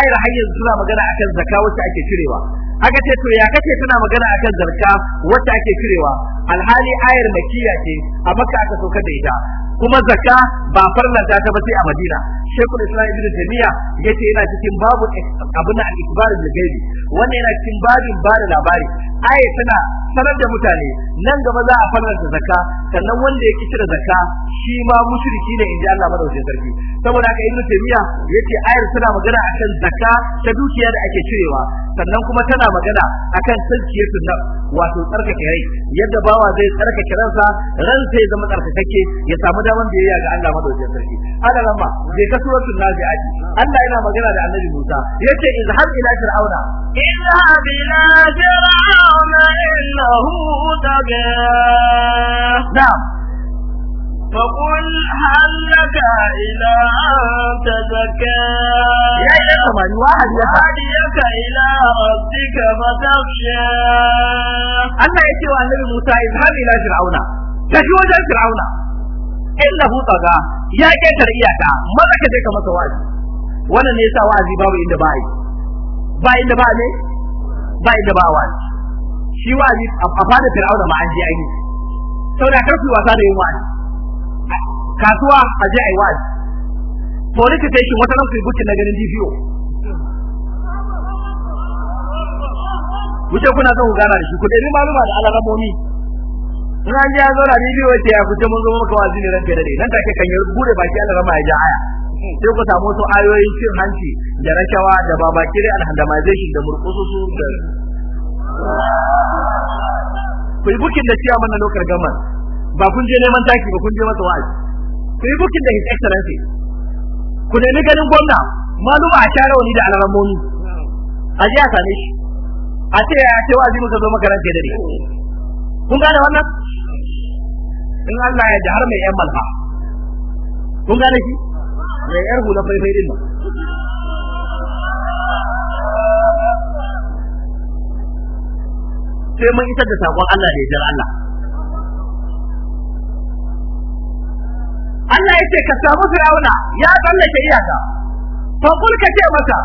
ayar har yanzu tana magana akan zakka wacce ake cirewa aka ce to ya kace tana magana akan zakka wacce ake cirewa alhali ayar makiyya ce a maka aka saukar da ita kuma zakka ba farlanta ta ba sai a Madina Sheikhul Islam Ibn Taymiyyah yace yana cikin babu abun da al-ikbar da gaibi wannan yana cikin babin ba da labari aya tana sanar da mutane nan gaba za a farlanta zakka sannan wanda ya kici da zakka shi ma mushriki ne inji Allah madaukakin sarki saboda haka Ibn Taymiyyah yace ayar tana magana akan zakka ta dukiya da ake cirewa sannan kuma tana magana akan tsalkiyatun nan wato tsarkake rai yadda bawa zai tsarkake ransa ransa ya zama tsarkakakke ya samu daman biyayya ga Allah madaukakin sarki ala lamma je ka suratul nazi'ati Allah yana magana da annabi Musa yace izhab ila fir'auna izhab ila fir'auna innahu taga na'am فقل هل لك إلى أن تزكى وهديك إلى ربك فتخشى أنا يتوى النبي موسى اذهب إلى فرعون تشوى فرعون innahu tsaga ya ketare iyaka maza ka je ka masa wa'azi wannan ne yasa wa'azi babu inda ba yi ba inda ba ne ba inda ba wa'azi shi wa'azi a fada fir'auna ma an je an yi saboda karfi wasa da yin wa'azi kasuwa a je ai wa'azi police station wata nan sai bukin na ganin DPO wuce kuna son ku gana da shi ku dai maluma da alalamomi in an ji ya zauna bidiyo ce ya fice mun zo maka wazi ne ranka da dai nan take kan ya bude baki Allah rama ya ji aya sai ku samu su ayoyin cin hanci da rashawa da babakire alhandamization da su da ku yi bukin da ciya mana lokar gama ba kun je neman taki ba kun je masa wa'azi ku yi bukin da his excellency ku nemi ganin gwamna maluma a share wani da alramoni a ji a same shi a ce ya ce wa'azi muka zo makaranta da ne kun gane wannan in Allah ya ji har mai yan malha kun gane shi mai yar hula faifai din sai mun isar da sakon Allah da ya Allah Allah ya ce ka samu Fir'auna ya tsallake iyaka fa kulka ka ce masa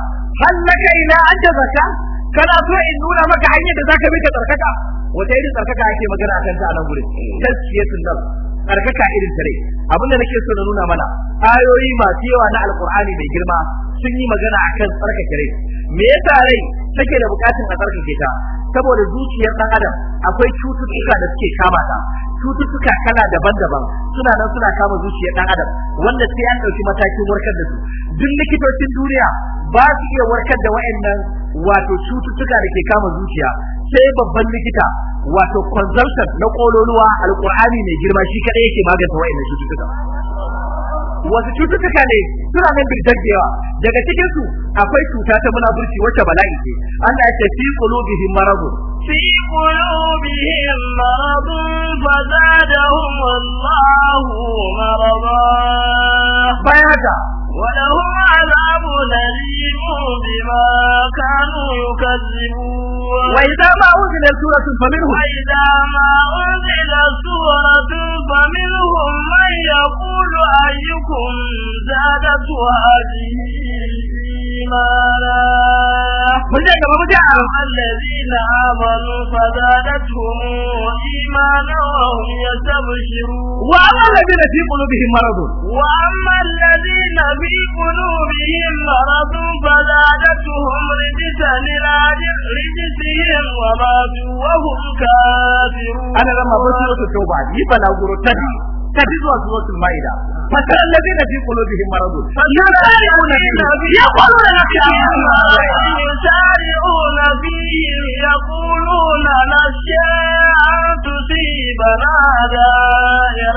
hallaka ila anta zaka kana so in nuna maka hanyar da zaka bi ka tsarkaka wata irin tsarkaka ake magana akan ta a nan gurin tasfiyatul nafs tsarkaka irin rai. abin da nake so na nuna mana ayoyi masu yawa na alqur'ani mai girma sun yi magana akan tsarkake rai me yasa rai take da bukatun a tsarkake ta saboda zuciyar dan adam akwai cututtuka da suke kama ta cututtuka kala daban-daban suna nan suna kama zuciyar dan adam wanda sai an dauki matakin warkar da su duk likitocin duniya ba su iya warkar da wayannan wato cututtuka da ke kama zuciya sai babban likita wato consultant na kololuwa alqur'ani mai girma shi kadai yake magance wayannan cututtuka wasu cututtuka ne suna nan birjar da yawa daga cikin su akwai cuta ta munafurci wacce bala'i ce Allah ya ce fi qulubihim maradun في قلوبهم مرض فزادهم الله مرضا فيهدى ولهم عذاب أليم بما كانوا يكذبون وإذا ما أنزلت سورة فمنهم وإذا ما أنزلت سورة فمنهم من يقول أيكم زادت هذه إيمانا وجاء كما الذين آمنوا فزادتهم إيمانا وهم يستبشرون وأما الذين في قلوبهم مرض وأما الذين في قلوبهم مرض فزادتهم رجسا إلى رجسهم وماتوا وهم كافرون أنا لما بصيرت التوبة يبلغ رتبي tafi zuwa suratul maida fatar alladheena fi qulubihim maradun yusari'una fihim yaquluna yusari'una fihim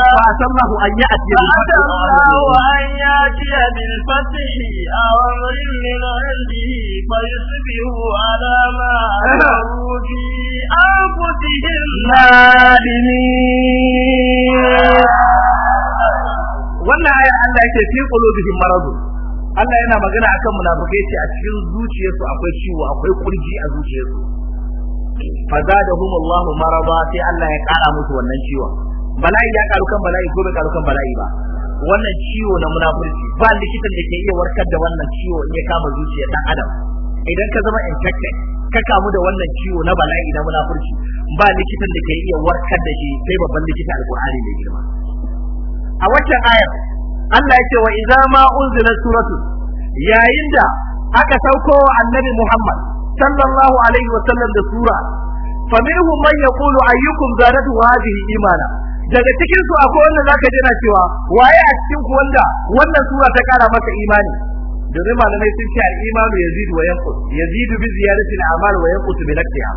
yaquluna wannan aya Allah yake fi qulubihim maradu. Allah yana magana akan munafikai ce a cikin zuciyarsu akwai ciwo akwai kurji a zuciyarsu fazadahum Allah marada sai Allah ya kara musu wannan ciwon bala'i ya karu kan bala'i ko bai karu kan bala'i ba wannan ciwo na munafurci ba likitan da ke iya warkar da wannan ciwo in ya kama zuciyar dan adam idan ka zama infected ka kamu da wannan ciwo na bala'i na munafurci ba likitan da ke iya warkar da shi sai babban likita alqur'ani mai girma a waccan ayar Allah ya ce wa idza ma unzila suratu yayin da aka sauko wa annabi Muhammad sallallahu alaihi wa sallam da sura faminhum man yaqulu ayyukum zadatu hadhihi imana daga cikin su akwai wanda zaka jira cewa waye a cikin ku wanda wannan sura ta kara maka imani domin malamai sun ce al-imanu yazidu wa yanqus yazidu bi ziyadati al-amal wa yanqus bi naqsiha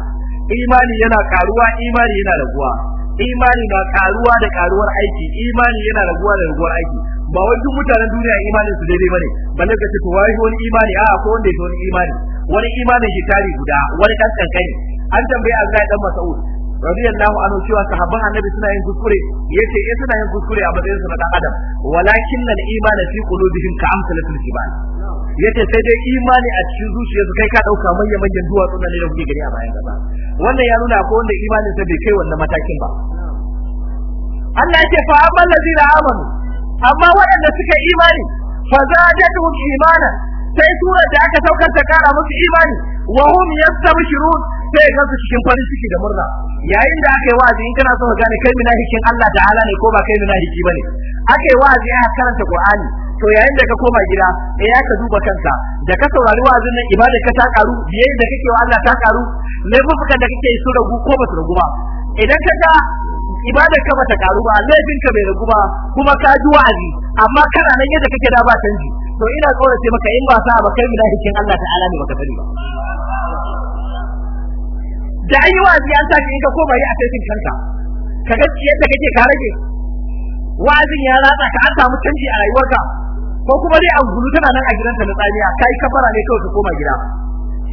imani yana karuwa imani yana raguwa imani na karuwa da karuwar aiki imani yana raguwa da raguwar aiki ba wai duk mutanen duniya imanin su daidai bane balle ka ce to wai wani imani a ko wanda yake wani imani wani imanin shi tari guda wani kan kankani an tambaye Abdullahi dan Mas'ud radiyallahu anhu cewa sahaba annabi suna yin kuskure yace eh suna yin kuskure a matsayin su na dan adam walakin al iman fi qulubihim ka amsalatul jibal yace sai dai imani a cikin zuciya su kai ka dauka manyan manyan duwatsu na ne da kuke gani a bayan gaba wannan ya nuna akwai wanda imanin sa bai kai wannan matakin ba Allah yake fa amma allazina amanu amma waɗanda suka imani fa zadatuhum imana sai tura da aka saukar ta kara musu imani wa hum yastabshirun sai ga su cikin farin ciki da murna yayin da aka yi wa'azi in kana so ka gane kai mina hikin Allah ta'ala ne ko ba kai mina hiki bane aka yi wa'azi a karanta Qur'ani to yayin da ka koma gida eh ya ka duba kanka da ka saurari wa'azin nan ibada ka ta karu biye da kake wa Allah ta karu laifukan da kake su ragu ko ba su ragu ba idan ka ga ibadar ka bata karu ba laifin ka bai ragu ba kuma ka ji wa'azi amma kana nan yadda kake da ba canji to ina tsorace maka in ba sa ba kai mu da hikin Allah ta'ala ne baka sani ba da ayi wa'azi an sa in ka koma yi a kai kanka ka ga yadda kake ka rage wa'azin ya ratsa ka an samu canji a rayuwarka ko kuma dai angulu tana nan a gidanta na tsamiya kai kafara ne kawai ka koma gida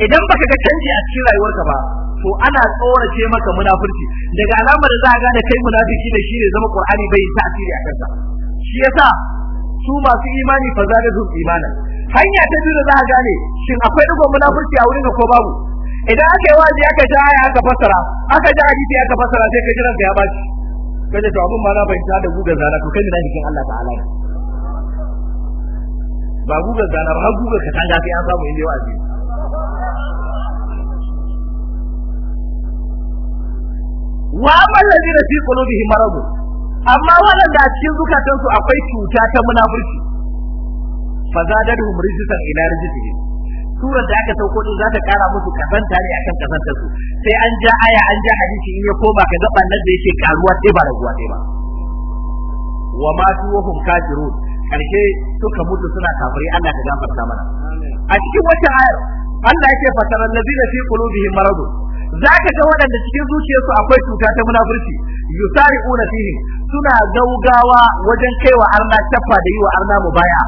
idan baka ga canji a cikin rayuwarka ba to ana tsorace maka munafurci daga alamar za a gane kai munafiki ne shine zama qur'ani bai tasiri a kansa. shi yasa su masu imani fa zada su imanan hanya ta biyu da za a gane shin akwai digon munafurci a wurin ko babu idan aka yi waje aka ja aya aka fassara aka ja hadisi aka fassara sai ka jira ya baci kaje to abun ma na fahimta da gugar zana to kai ne na cikin Allah ta'ala ne ba guga gana ba guga ka tanga sai an samu inda a aje wa amma ladina fi qulubihim maradun amma wannan a cikin su akwai cuta ta munafurci fa zadadhum rijsan ila rijsihim sura da aka sauko din zata kara musu kasanta ne akan kasantar su sai an ja aya an ja hadisi in ya koma ka ga bannan da yake karuwa sai ba raguwa sai ba wa ma tuwahum kafirun karshe suka mutu suna kafirai Allah ka gafarta mana a cikin wata ayar Allah yake fatara allazina fi qulubihim marad zaka ga waɗanda cikin zuciyarsu akwai cuta ta munafurci yusari'una fihi suna gaugawa wajen kaiwa arna tafa da yi wa arna mubaya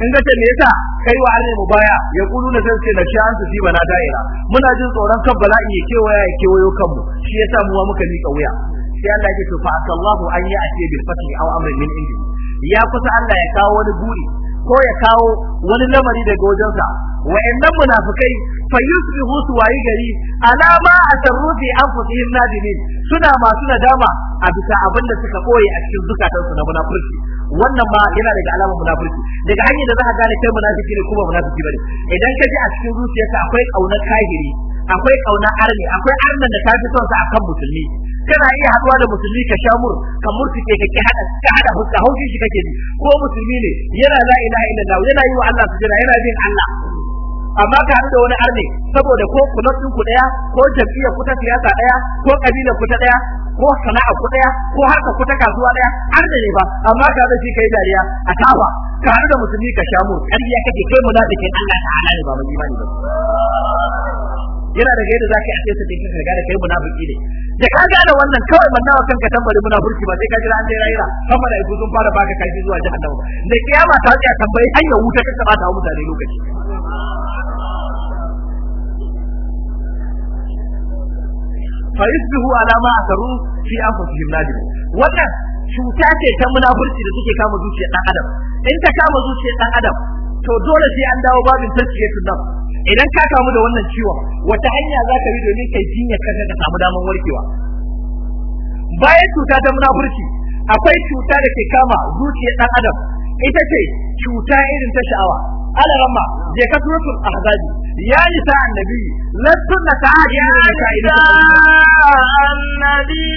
in ga ta me yasa kai wa arna mubaya ya kulu na san sai na sha an su bana da'ira muna jin tsoron kan bala'i ya kewaya ya kewayo kanmu shi yasa mu muka mika wuya sai Allah yake to fa akallahu an ya'ti bil fathi aw amrin min indi ya kusa Allah ya kawo wani buri ko ya kawo wani lamari daga wajensa wa'annan munafikai fa yusbihu wayi gari alama asarru fi anfusihim nadimin suna masu nadama a bisa abin da suka koye a cikin zukatansu na munafurci wannan ma yana daga alamar munafurci daga hanyar da za ka gane kai munafiki ne kuma munafiki bane idan ka ji a cikin zuciyarka akwai kauna kahiri akwai kauna arni akwai arnan da ta fi son sa akan musulmi kana iya haduwa da musulmi ka sha mur ka murtike ka ki hada ka hada fuska haushin shi kake ji ko musulmi ne yana la ilaha illallah yana yi wa Allah sujada yana bin Allah amma ka haɗu da wani arne saboda ko kulot ɗin ku ɗaya ko jam'iyyar ku ta siyasa ɗaya ko ƙabilar ku ta ɗaya ko sana'a ku ɗaya ko harka ku ta kasuwa ɗaya arne ne ba amma ka haɗu shi kai dariya a tawa ka haɗu da musulmi ka sha mu ƙarya kake kai munafikin Allah ta ne ba mu imani ba yana daga yadda zaka yi sai sai ka da kai munafiki ne da ka gane wannan kawai manna wa kanka tambari munafiki ba sai ka jira an dai raira kuma da ibu sun fara baka kai zuwa jahannama da kiyama ta tsaya tambayi hanyar wuta ka kamata wa mutane lokaci fa yusbihu ala ma asaru fi anfusihim nadim wannan cuta ce ta munafurci da suke kama zuciyar dan adam in ta kama zuciyar dan adam to dole sai an dawo babin tasfiyatul nafs idan ka kamu da wannan ciwon wata hanya za ka bi domin kai jinya kanka ka samu daman warkewa bayan cuta ta munafurci akwai cuta da ke kama zuciyar ɗan adam ita ce cuta irin ta sha'awa ala ramma je ka suratul ahzab ya nisa annabi la sunna ta'adi ya nisa annabi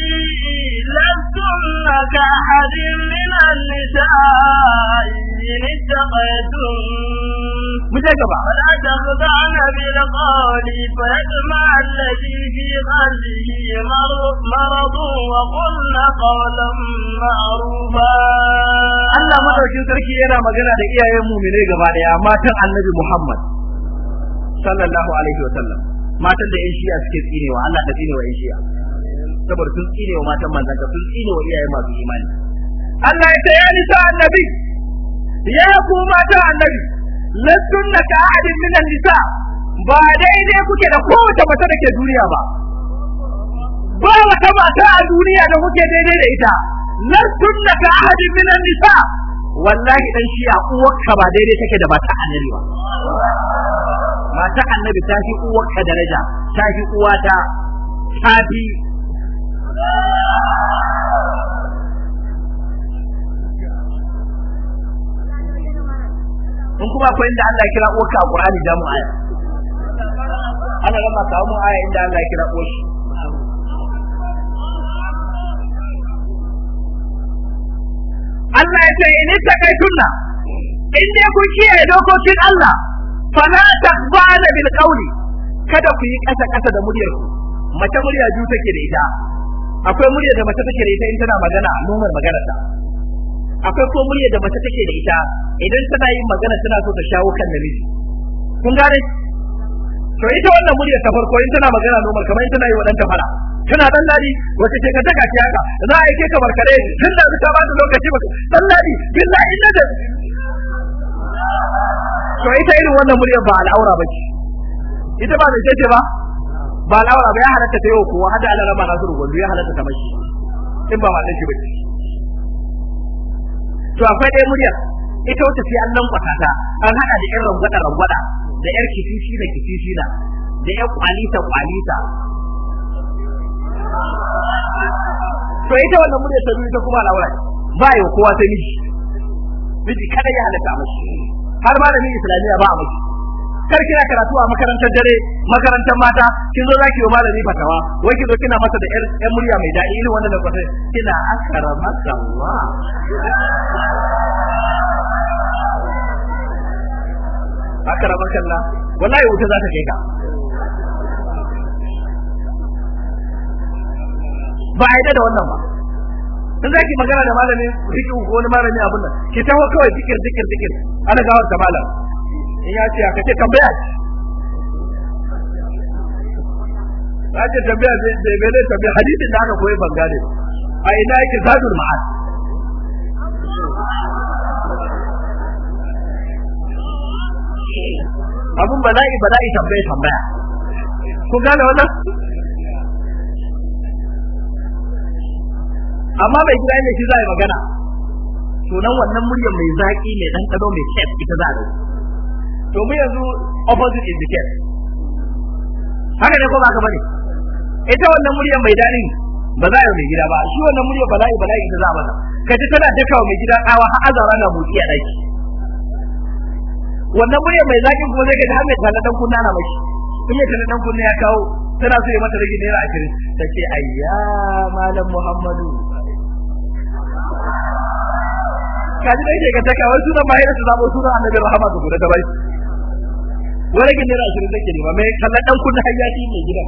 la sunna ta'adi min an-nisa'i in ittaqaytum muje gaba la taqdana bil qawli fa yatma alladhi fi qalbihi maradun wa qulna qawlan ma'rufa Allah madaukin sarki yana magana da iyayen mu'mine gaba daya matan annabi Muhammad sallallahu alaihi wa sallam matan da yan shi'a suke tsinewa Allah ta tsinewa yan shi'a saboda sun tsinewa matan manzon ka sun tsinewa iyaye masu imani Allah ya ce ya nisa annabi ya ku matan annabi lastunna ka ahadin min nisa ba daidai kuke da kowace mace da ke duniya ba ba wata mata a duniya da kuke daidai da ita lastunna ka ahadin min nisa wallahi dan shi'a uwarka ba daidai take da mata annabi ba mata annabi ta fi uwarka daraja ta fi uwata ta fi in kuma akwai inda Allah ya kira uwarka a Qur'ani da mu aya ana rama kawo mu aya inda Allah ya kira uwarki Allah ya ce in taqaytunna in dai kun kiyaye dokokin Allah ta taqbala bil qawli kada ku yi kasa kasa da muryar ku mace murya biyu take da ita akwai murya da mace take da ita in tana magana nomar magana ta akwai ko murya da mace take da ita idan tana yin magana tana so ta shawo kan namiji kun gane to ita wannan murya ta farko in tana magana nomar kamar in tana yi wadanta fara kana dan ladi wace ce ka taka ki haka za a yake ka barkare tun da ka ba da lokaci ba dan ladi billahi na da to ita irin wannan murya ba al'aura bace ita ba zai ce ba ba al'aura ba ya halaka ta yau kowa hada ala rama zuru gondo ya halaka ta mashi in ba matan shi bace to akwai dai murya ita wata sai an nan kwatata an hada da irin rangwada rangwada da yar kitishi da kitishi da da yar kwalita kwalita to ita wannan murya ta biyu ta kuma laura ba yau kowa sai miji miji kada ya halatta mashi har ba da miji islamiya ba a kar kina karatu a makarantar dare makarantar mata kin zo zaki yi malami fatawa wai kin zo kina masa da yar yar murya mai dadi irin wannan da kwata kina akara maka Allah akara maka Allah wallahi wuta za ta kai ka ba a yi da wannan ba in za ki magana da malamin zikin ko wani malami abin nan ki taho kawai zikir zikir zikir ana gawar ta malam in ya ce aka ce tambaya ce ce tambaya bai bai dai tambaya hadisin da aka koyi banga ne a ina yake zadul ma'ad abun bala'i bala'i tambaya tambaya kun gane wannan amma bai gida inda shi za yi magana to nan wannan muryar mai zaki mai dan kado mai kef ita za a to mu yanzu opposite is the case haka ne ko ba ka bane ita wannan muryar mai daɗin ba za a yi mai gida ba shi wannan muryar bala'i bala'i ita za a bana ka ji tana daka wa mai gida tsawa har azara na motsi a daki wannan muryar mai zaki kuma zai ga ta hanyar tana dan kunna na mashi in ya tana dan kunna ya kawo tana so ya mata rage naira ashirin ta ce ayya malam muhammadu kaji dai ga taka wai sunan mai su zabo sunan annabi rahama su da bai wani kin da ashirin take ne mai kallon dan kun hayati ne gidan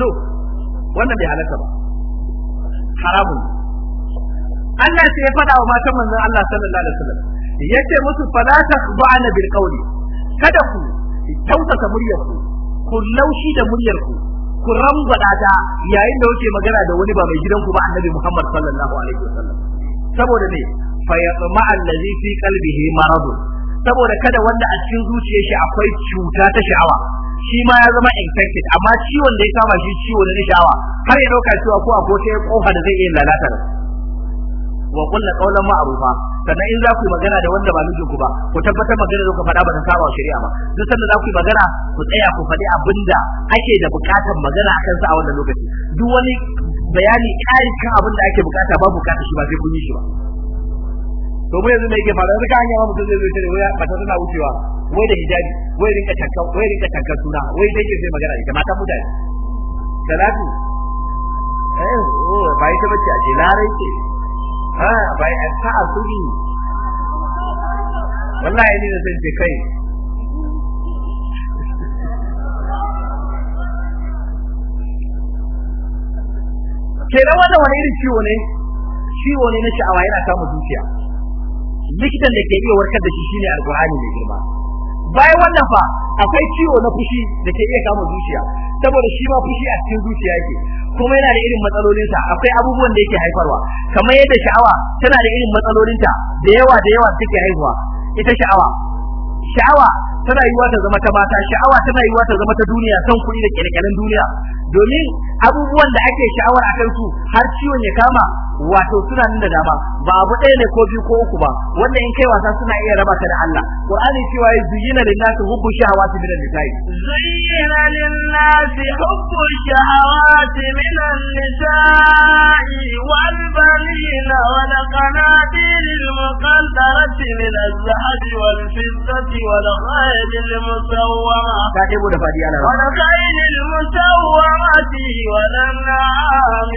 no wannan bai halatta ba haramun Allah sai ya faɗa wa matan manzon Allah sallallahu alaihi wasallam yace musu fala bil qawli kada ku tausasa muryarku ku laushi da muryarku ku rangwada yayin da kuke magana da wani ba mai gidanku ba annabi Muhammad sallallahu alaihi wasallam saboda ne fa yatma allazi fi qalbihi marad saboda kada wanda a cikin zuciyar shi akwai cuta ta sha'awa shi ma ya zama infected amma ciwon da ya kama shi ciwo ne na sha'awa har ya dauka cewa ko akwai kofa da zai iya lalata wa kullu qawlan ma'rufa sannan in za ku yi magana da wanda ba mijin ku ba ku tabbatar magana da ku faɗa ba ta saba shari'a ba duk sanda za ku yi magana ku tsaya ku faɗi abinda ake da buƙatar magana akan sa a wannan lokaci duk wani bayani ƙari kan abinda ake buƙata ba buƙata shi ba sai kun yi shi ba to mu yanzu da yake faruwa duka hanyar ma mutum zai zo tare waya mata tana wucewa wai da hijabi wai rinka takka wai rinka takka suna wai da yake zai magana da ita mata mutane salatu eh oh eh, bai ta bace a ce larai ce ha bai an eh, ta asuri wallahi ne da zan ce kai Ke kenan wannan wani irin ciwo ne ciwo ne na sha'awa yana samun zuciya likitan da ke iya warkar da shi shine alqur'ani mai girma bayan wannan fa akwai ciwo na fushi da ke iya kama zuciya saboda shi ma fushi a cikin zuciya yake kuma yana da irin matsalolin sa akwai abubuwan da yake haifarwa kamar yadda sha'awa tana da irin matsalolin ta da yawa da yawa take haihuwa ita sha'awa sha'awa tana yiwa ta zama ta mata sha'awa tana yiwa ta zama ta duniya kan kuɗi da kirkirin duniya domin abubuwan da ake sha'awar a kansu har ciwon ya kama wato suna nan da dama ba abu ɗaya ne ko biyu ko uku ba wanda in kai wasa suna iya raba ta da Allah qur'ani cewa ya zuyina linnasi hubbu shahawati minan nisa'i zuyina linnasi hubbu shahawati minan nisa'i wal banina wal qanatir al muqantarati min al zahab wal fiddati wal khayl al musawwama ta da fadi ana wal khayl al musawwama الشجرة والأنعام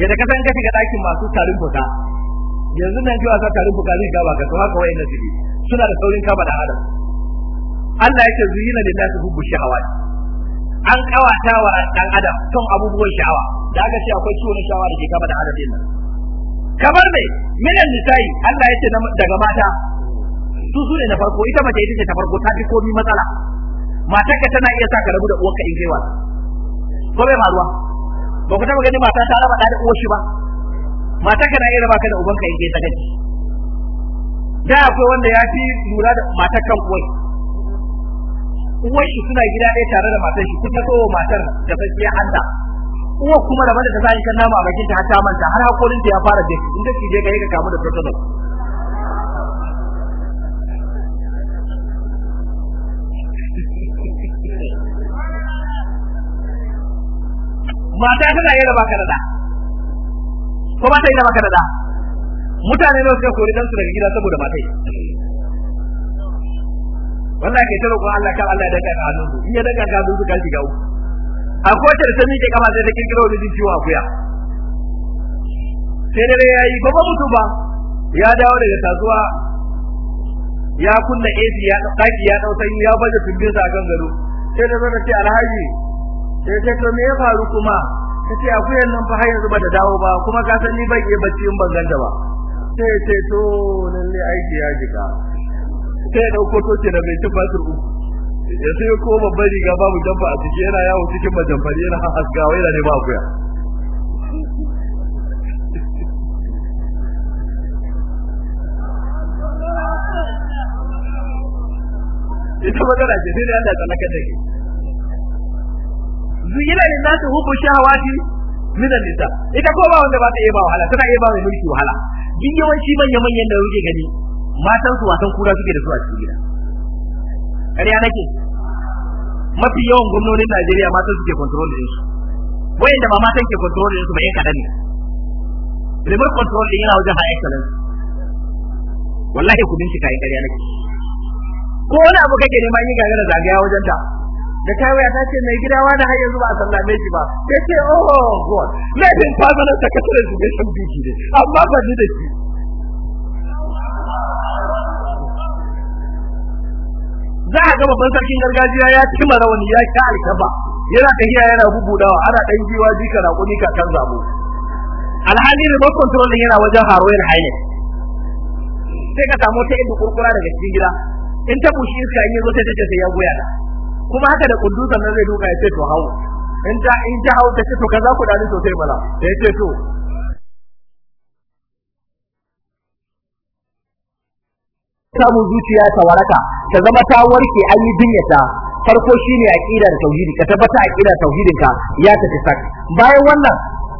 yadda ka san ga ɗakin masu tarin fuka yanzu nan jiwa sa tarin fuka zai gaba ka kuma kawai na suna da saurin kama da adam Allah yake zuyina lillahi hubbu shahawati an kawata wa dan adam kan abubuwan sha'awa da aka ce akwai ciwon sha'awa da ke kama da adadin nan kamar me minan nisa'i Allah ya ce daga mata su su ne na farko ita mace ita ce ta farko ta fi komi matsala ka tana iya sa ka rabu da uwarka in kaiwa ko bai maruwa ba ku taba gani mata ta raba da uwar shi ba ka na iya raba ka da ka in kai ta gaji, da akwai wanda ya fi lura da matar kan uwai uwar shi suna gida ɗaya tare da matar shi kuma so matar da fasiya hanta uwa kuma da bada ta sani kan nama a bakin ta har ta manta har hakorin ta ya fara da in ka cije ka yi ka kamu da protocol mata tana yi raba kanada ko ba ta yi raba kanada mutane ne suka kori dan su daga gida saboda matai wannan ke ta roƙon Allah kan Allah ya daga ka hannun in ya daga ka hannun su ka ga akwai wacce da ta miƙe kama sai ta kirkiro wani jin ciwo akuya sai dai ya yi ba mutu ba ya dawo daga tazuwa ya kunna AC ya daki ya dau sanyi ya baje tumbin sa kan gado sai da zaka ce alhaji sai ce to me ya faru kuma kace akuyan nan fa har ba da dawo ba kuma ka san ni ban yi bacci in ban ganta ba sai ce to lalle aiki ya jika sai ya dauko toke da mai cin basir uku ya sai ko babban riga babu dabba a cikin yana yawo cikin majamfari yana haskawa yana ne babu ya ita magana ce sai da Allah tsallaka da ke zuyina ne za su hubu shahawati min nisa ita ko ba wanda ba ta iya ba wahala tana iya ba mai mulki wahala duk shi manyan manyan da ruke gani matan su wasan kura suke da su a cikin gida ƙarya nake mafi yawan gwamnonin Najeriya matan suke control din su wayanda ba matan ke control din su ba yan kadan ne remote control din yana wajen high excellence wallahi ku bincika yi ƙarya nake ko wani abu kake nema yi gagara zagaya wajen ta da kai waya ta ce mai gida wani har yanzu ba a sallame shi ba sai ce oh god laifin fasanar sakataren su bai san biki ne amma ba ni da shi za a ga ban sarkin gargajiya ya cima rawani ya ci alkaba yana tafiya yana bubudawa ana ɗan giwa jika na kuni kakan zabo alhali remote control din yana wajen haroyin hanyar sai ka samu ta inda kurkura daga cikin gida in ta bushi iska in yazo sai ta ce sai ya goya ta kuma haka da kudusan nan zai duka ya ce to hawo in ta in ta ce to kaza ku dani sosai da, sai ce to samu zuciya ta waraka ta zama ta warke an yi dinyata farko shine da tauhidi ka tabbata aqidar tauhidin ka ya tafi sak bayan wannan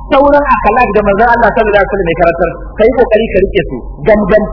sauran akalak da manzon Allah sallallahu alaihi wasallam ya karantar kai kokari ka rike su gangan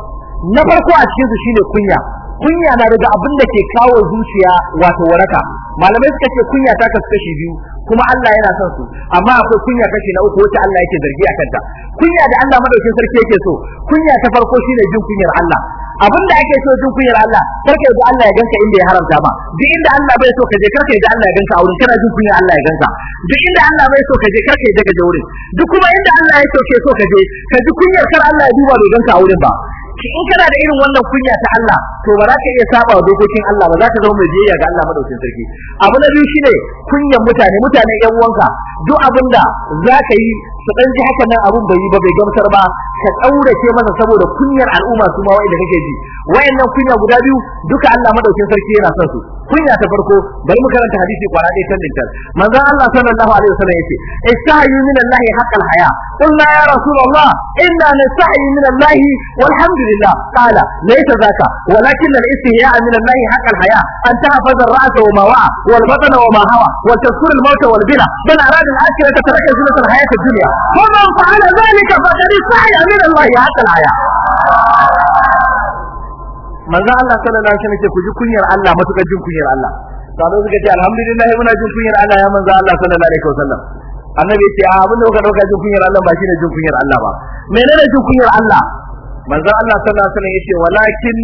na farko a cikin su shine kunya kunya na daga abin da ke kawo zuciya wato waraka malamai suka ce kunya ta kasu kashi biyu kuma Allah yana son su amma akwai kunya kashi na uku wacce Allah yake zargi a kanta kunya da Allah madaukin sarki yake so kunya ta farko shine jin kunyar Allah abin da ake so jin kunyar Allah karka yadda Allah ya ganka inda ya haramta ma duk inda Allah bai so ka je karka yadda Allah ya ganka a wurin kana jin kunyar Allah ya ganka duk inda Allah bai so ka je karka yadda ka je wurin duk kuma inda Allah ya so ke so ka je ka ji kunyar kar Allah ya duba da ganka a wurin ba in kana da irin wannan kunya ta Allah to ba za ka iya saba wa dokokin Allah ba za ka zama mai biyayya ga Allah madaukakin sarki abu na biyu shine kunyan mutane mutane yan uwanka duk abinda za ka yi su dan ji haka nan abun bai yi ba bai gamsar ba ka ɗaurace masa saboda kunyar al'umma su ma wa'anda kake ji wayannan kunya guda biyu duka Allah madaukakin sarki yana son su kunya ta farko bari mu karanta hadisi kwara dai kan dintar manzo Allah sallallahu alaihi wasallam yace istahyu min Allah haqqal haya qulna ya rasulullah inna nastahyi min Allah walhamdulillah qala laysa zaka walakin al-istihya min Allah haqqal haya an tahfaza ar-ra's wa ma wa'a wal batn wa ma hawa wa tazkur al-maut wal bila bal arada al-akhirata taraka zinata al-hayat ad-dunya wa man fa'ala dhalika faqad istahya min Allah haqqal haya manzo Allah sallallahu alaihi wasallam ce ku ji kunyar Allah matukar jin kunyar Allah sahabbai suka ce alhamdulillah muna jin kunyar Allah ya manzo Allah sallallahu alaihi wasallam annabi ya ce a ah, abin da kuka dauka jin kunyar Allah ba shine jin kunyar Allah ba menene jin kunyar Allah manzo Allah sallallahu alaihi wasallam ya ce walakin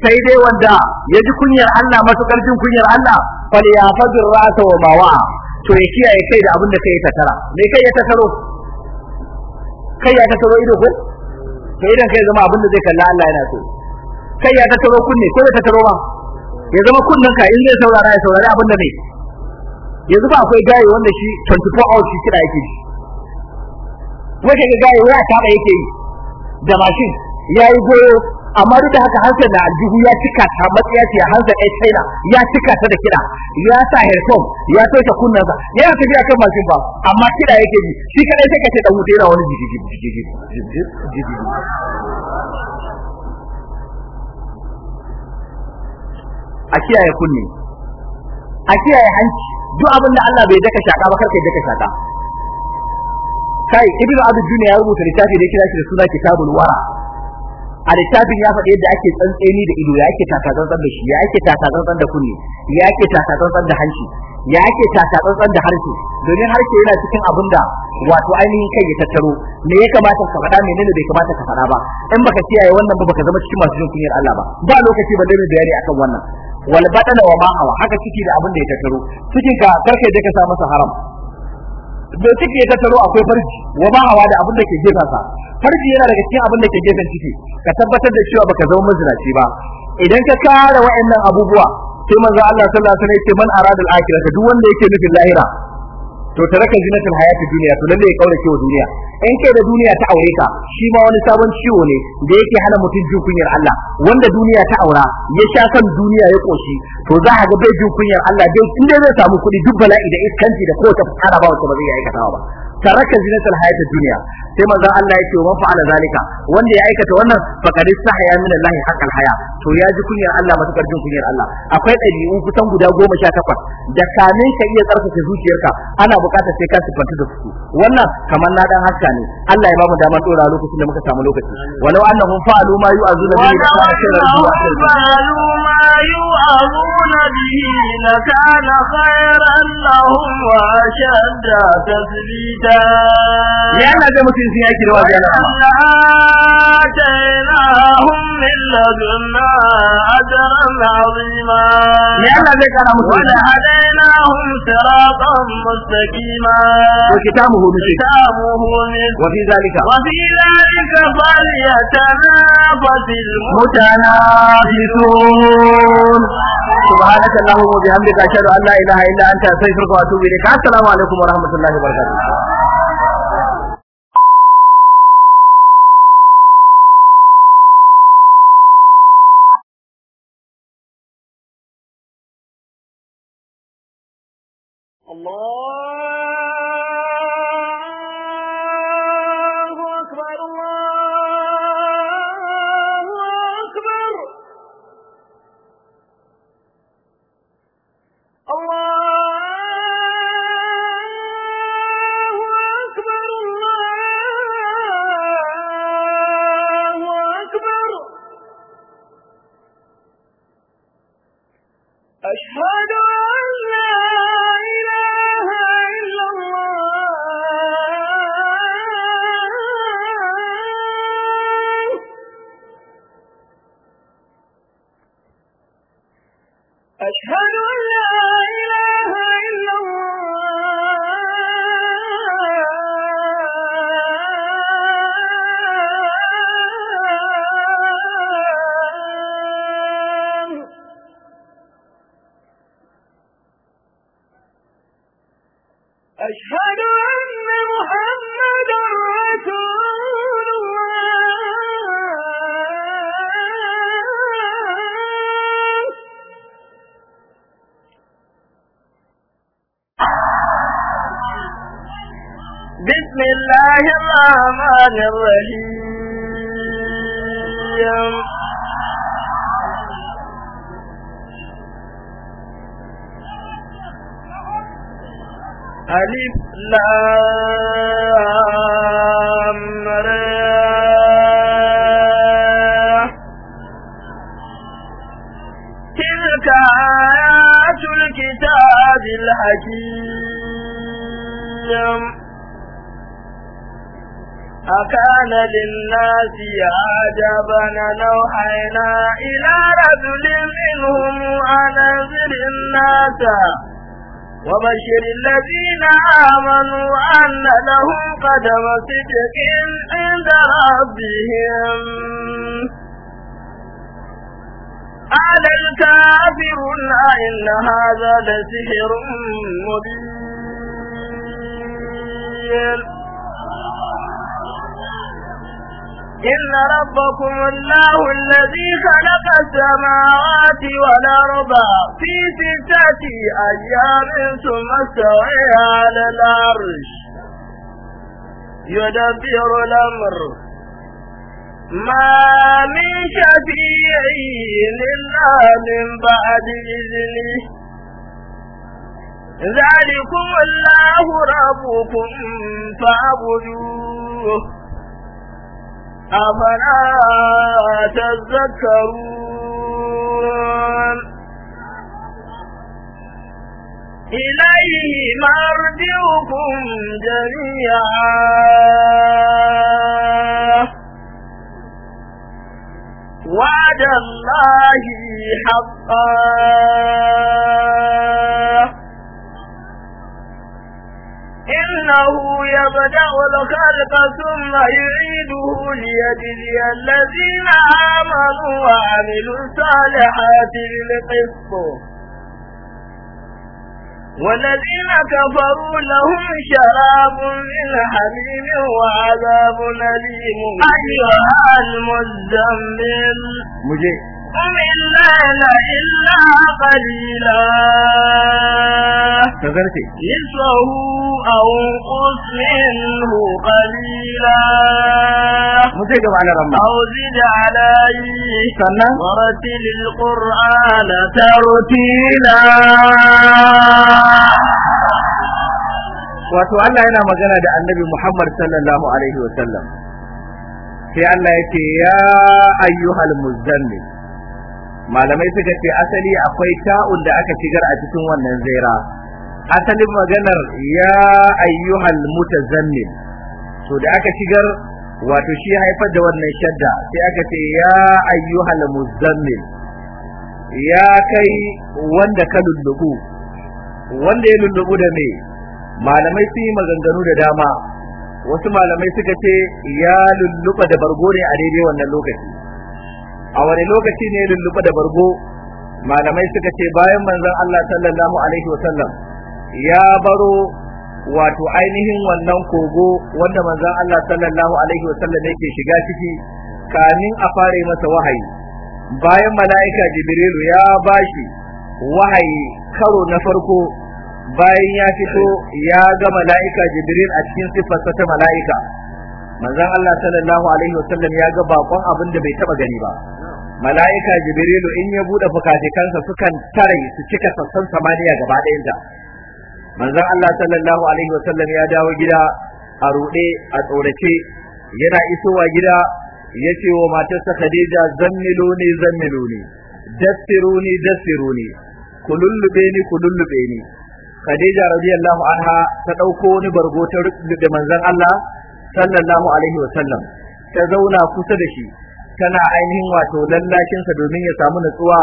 sai dai wanda ya ji kunyar Allah matukar jin kunyar Allah fal yafadir ra'sa wa bawa to ya kiyaye kai da abin da kai ta tara me kai ya tasaro kai ya tasaro ido ko Sai idan kai zama abin da zai kalla Allah yana so kai ya tattaro kunne ko ya tattaro ba ya zama kunnen ka in zai saurara ya saurari abin da ne yanzu ba akwai gaye wanda shi 24 hours shi kira yake kuma kaga gaye waya ta da yake yi da mashin ya yi goyo amma duk da haka hansar da aljihu ya cika ta matsaya ce hansar ɗaya china ya cika ta da kiɗa ya sa haircom ya toshe kunnensa yana tafiya kan mashin ba amma kiɗa yake ji shi kaɗai sai ka ce ɗan wuta yana wani jijiji a kiyaye kunne a kiyaye hanci duk abin da Allah bai daka shaka ba karka daka shaka kai ibnu abdul duniya ya rubuta littafi da ya kira shi da suna kitabul wara a littafin ya faɗi yadda ake tsantseni da ido ya ake takatsantsan da shi ya ake takatsantsan da kunne ya ake takatsantsan da hanci ya ake takatsantsan da harshe domin harshe yana cikin abin da wato ainihin kai ya tattaro me ya kamata ka faɗa menene bai kamata ka faɗa ba in baka kiyaye wannan ba baka zama cikin masu jin kunyar Allah ba ba lokaci ba dai bayani akan wannan wal batana wa ma haka ciki da abin da ya tattaro cikin ka karkai da ka sa masa haram da ciki ya tattaro akwai farji wa ba hawa da abin da ke gefen sa farji yana daga cikin abin da ke gefen ciki ka tabbatar da cewa baka zama mazinaci ba idan ka kare wa'annan abubuwa sai manzo Allah sallallahu alaihi wasallam ya ce man arada al-akhirah duk wanda yake nufin lahira to taraka zinatul hayati duniya to lalle ya kaurace wa duniya in kai da duniya ta aure ka shi ma wani sabon ciwo ne da yake hana mutum jin kunyar Allah wanda duniya ta aura ya sha kan duniya ya koshi to za ka ga bai jin kunyar Allah dai in dai zai samu kuɗi duk bala'i da iskanci da kowace fara ba wacce ba zai aikata ba taraka zinatul hayatid dunya sai manzon Allah yake wa fa'ala zalika wanda ya aikata wannan faqad istahya min Allah haqqal haya to ya ji kunyar Allah matukar jin kunyar Allah akwai ɗabi'u kusan guda goma sha takwas da kamin ka iya tsarkake zuciyarka ana buƙatar sai ka sifanta da su wannan kamar na dan haska ne Allah ya ba mu damar dora lokacin da muka samu lokaci walau annahum fa'alu ma yu'azuna bihi fa'alu ma khayran lahum wa ashadda tasbita ya Allah zai mutum sun yaki da wazi ya Allah atainahum zai kara musu wa hadainahum siratan mustaqima wa kitabuhu min kitabuhu min wa fi zalika wa fi zalika falyatanafasil mutanafisun سبحانك اللهم وبحمدك اشهد ان لا اله الا انت استغفرك واتوب اليك السلام عليكم ورحمه الله وبركاته Allah. الرحمن الرحيم ألف لام تلك آيات الكتاب الحكيم كان للناس عجبا نوحينا إلى رجل منهم أن أنذر الناس وبشر الذين آمنوا أن لهم قدم صدق عند ربهم قال الكافرون إن هذا لسحر مبين إن ربكم الله الذي خلق السماوات والأرض في ستة أيام ثم استوى على العرش يدبر الأمر ما من شفيع إلا من بعد إذنه ذلكم الله ربكم فاعبدوه أفلا تذكرون إليه مرجعكم جميعا وعد الله حقا إنه يبدأ الخلق ثم يعيد يريده ليجزي الذين آمنوا وعملوا الصالحات بالقسط والذين كفروا لهم شراب من حميم وعذاب أليم أيها المزمل مجيء قليلا تغرتي يسعه او قص منه قليلا مزيد على رمى او زد عليه سنة ورتل القرآن ترتيلا واتو ألا هنا مجانا النبي محمد صلى الله عليه وسلم في ألا يا أيها المزنب malamai suka ce asali akwai ta'un da aka shigar a cikin wannan zaira asalin maganar ya ayyuhal mutazammil to da aka shigar wato shi haifar da wannan shadda sai aka ce ya ayyuhal muzammil ya kai wanda ka lullubu wanda ya lullubu da me malamai sun yi maganganu da dama wasu malamai suka ce ya lulluba da bargo ne a daidai wannan lokaci a wani lokaci ne lulluɓe da bargo malamai suka ce bayan manzon Allah sallallahu alaihi wa sallam ya baro wato ainihin wannan kogo wanda manzon Allah sallallahu alaihi wa sallam yake shiga ciki kamin a fare masa wahayi bayan mala'ika jibrilu ya bashi wahayi karo na farko bayan ya fito ya ga mala'ika jibril a cikin siffarsa ta mala'ika manzon Allah sallallahu alaihi wa sallam ya ga bakon abin da bai taba gani ba mala'ika jibrilu in ya bude fukafikansa sukan tare su cika sassan samaniya gaba ɗayanta manzon Allah sallallahu alaihi wasallam ya dawo gida a ruɗe a tsorace yana isowa gida ya ce wa matarsa Khadija zammiluni zammiluni dassiruni dassiruni ku lullube ni ku lullube ni Khadija radiyallahu anha ta ɗauko wani bargo ta rubuta manzon Allah sallallahu alaihi wasallam ta zauna kusa da shi tana ainihin wato sa domin ya samu natsuwa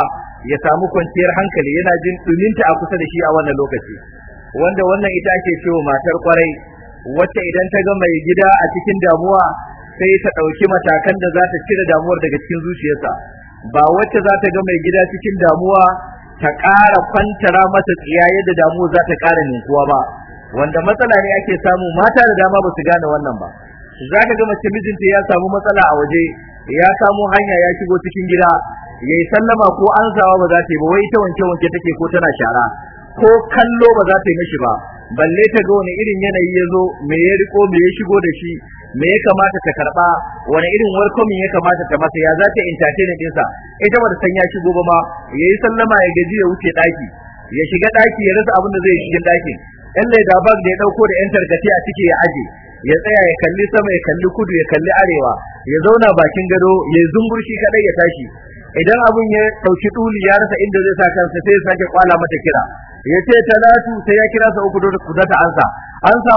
ya samu kwanciyar hankali yana jin duminta a kusa da shi a wannan lokaci wanda wannan ita ake cewa matar kwarai wacce idan ta ga mai gida a cikin damuwa sai ta ɗauki matakan da za ta cire damuwar daga cikin zuciyarsa ba wacce za ta ga mai gida cikin damuwa ta ƙara kwantara masa tsiya yadda damuwa za ta ƙara ninkuwa ba wanda matsala ne ake samu mata da dama ba su gane wannan ba za ka ga mace mijinta ya samu matsala a waje ya samo hanya ya shigo cikin gida yayi sallama ko ansawa ba za ta yi ba wai ta wanke wanke take ko tana shara ko kallo ba za ta yi mishi ba balle ta ga wani irin yanayi ya zo me ya riko me ya shigo da shi me ya kamata ta karba wani irin welcoming ya kamata ta masa ya za ta entertain dinsa ita ba ta san ya shigo ba ma yayi sallama ya gaji ya wuce daki ya shiga daki ya rasa abin da zai yi cikin dakin yan leda bag da ya dauko da yan tarkace a ciki ya aje ya tsaya ya kalli sama ya kalli kudu ya kalli arewa ya zauna bakin gado ya zumburki kadai ya tashi idan abun ya dauki duli ya rasa inda zai sa kansa sai ya sake kwala mata kira ya ce talatu sai ya kira sa uku da ku zata ansa an sa,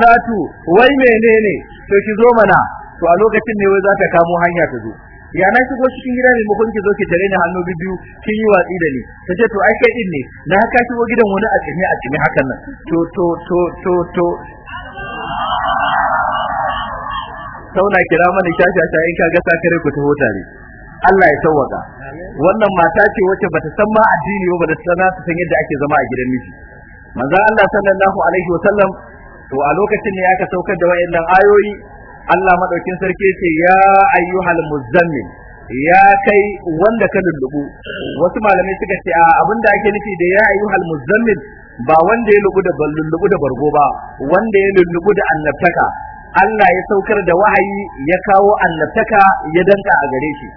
talatu wai menene to ki zo mana to a lokacin ne wai za ta kamo hanya ta zo ya na shigo cikin gidan ne mukunki zo ki tare ni hannu biyu kin yi watsi da ni ta ce to ai kai din ne na haka shigo gidan wani a cikin a cikin hakan nan to to to to to sauna kira mana shasha ta in kaga ta kare ku ta hota ne Allah ya sauwaka. wannan mata ce wacce bata san ma addini ba bata san ta san yadda ake zama a gidan miji manzo Allah sallallahu alaihi wa sallam to a lokacin ne aka saukar da wayannan ayoyi Allah madaukin sarki ce ya ayyuhal muzammil ya kai wanda ka lullubu wasu malamai suka ce a abinda ake nufi da ya ayyuhal muzammil ba wanda ya lubu da bargo ba wanda ya lullubu da annabtaka Allah ya saukar da wahayi ya kawo annabtaka ya danka a gare shi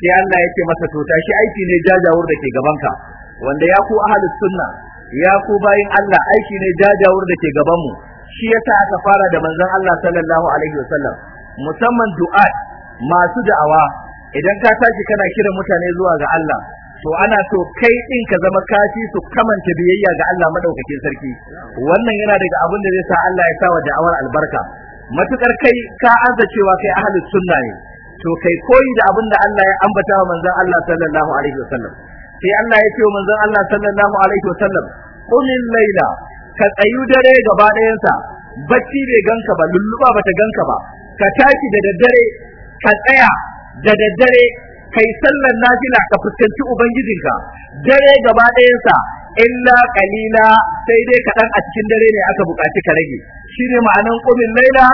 sai Allah ya ce masa to tashi aiki ne jajawur da ke gabanka wanda ya ku ahlus sunna ya ku bayin Allah aiki ne jajawur da ke gaban mu shi yasa aka fara da manzon Allah sallallahu alaihi wasallam musamman du'a masu da'awa idan ka tashi kana kiran mutane zuwa ga Allah to ana so kai din ka zama kashi su kamanta biyayya ga Allah madaukakin sarki wannan yana daga abin da zai sa Allah ya sa wa da'awar albarka matukar kai ka azza cewa kai ahli sunna ne to kai koyi da abin da Allah ya ambata wa manzon Allah sallallahu alaihi wasallam sai Allah ya ce wa manzon Allah sallallahu alaihi wasallam qumil laila ka tsayu dare gaba ɗayansa bacci bai ganka ba lulluba bata ganka ba ka tashi da daddare ka tsaya da daddare kai sallar nafila ka fuskanci ubangijinka dare gaba ɗayansa illa qalila sai dai kaɗan a cikin dare ne aka buƙaci ka rage shine ma'anan qumin laila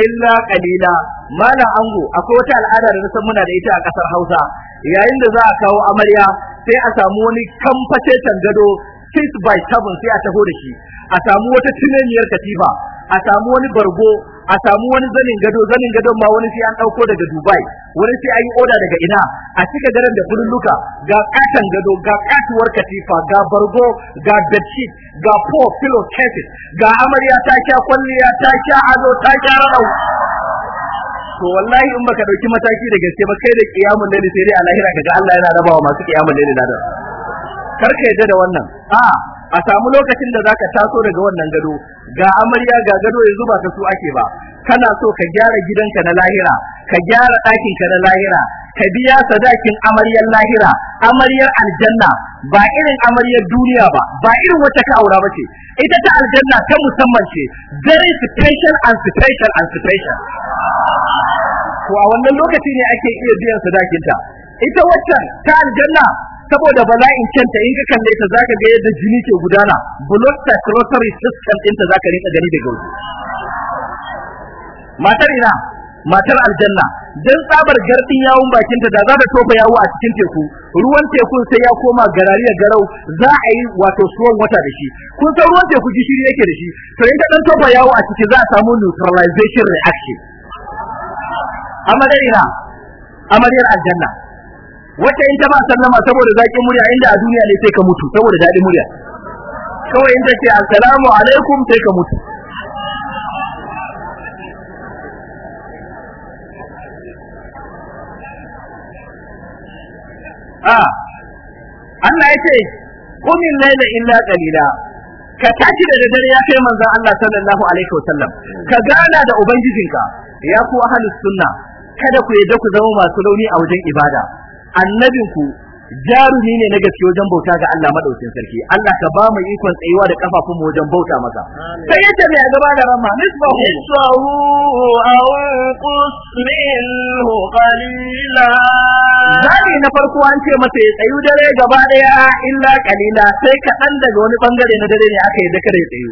illa qalila mala ango akwai wata al'ada da san muna da ita a ƙasar Hausa yayin da za a kawo amarya sai a samu wani kamface gado six by seven sai a taho da shi a samu wata tunaniyar katifa a samu wani bargo a samu wani zanin gado zanin gadon ma wani sai an dauko daga Dubai wani sai an yi oda daga ina a cika garin da fululuka ga katan gado ga katuwar katifa ga bargo ga bedsheet ga four pillow cases ga amarya ta kya kwalliya ta kya azo ta kya radau to wallahi in baka dauki mataki da gaske ba kai da kiyamul ne sai dai a lahira kaga Allah yana rabawa masu kiyamul laili da kar ka yadda da wannan a a samu lokacin da zaka taso daga wannan gado ga amarya ga gado yanzu ba ta su ake ba kana so ka gyara gidanka na lahira ka gyara ɗakinka na lahira ka biya sadakin amaryar lahira amaryar aljanna ba irin amaryar duniya ba ba irin wacce ka aura ce, ita ta aljanna ta musamman ce very special and special and special ko a wannan lokaci ne ake iya biyan sadakinta ita waccan ta aljanna saboda bala'in kanta in ka kalle ta zaka ga yadda jini ke gudana blood circulatory system din ta zaka rinka gani daga waje matar ina matar aljanna dan tsabar gardin yawun bakinta da za ta tofa yawo a cikin teku ruwan teku sai ya koma garari garau za a yi wato suwan wata da shi kun san ruwan teku gishiri yake da shi to in ta dan tofa yawo a ciki za a samu neutralization reaction amma dai ina amaryar aljanna wata in ta ba sallama saboda zakin murya inda a duniya ne sai ka mutu saboda dadin murya kawai in ta ce assalamu alaikum sai ka mutu a Allah ya ce kumin laila illa qalila ka tashi da dare ya kai manzon Allah sallallahu alaihi wasallam ka gana da ubangijinka ya ku ahlus sunna kada ku yadda ku zama masu launi a wajen ibada ku, jarumi ne na gaske wajen bauta ga Allah madaukin sarki Allah ka ba mu ikon tsayuwa da kafafun mu wajen bauta masa sai ya ce mai gaba da rama nisbahu nisbahu aw minhu qalila zani na farko an ce masa ya tsayu dare gaba daya illa qalila sai kaɗan daga wani bangare na dare ne aka yi da kare tsayu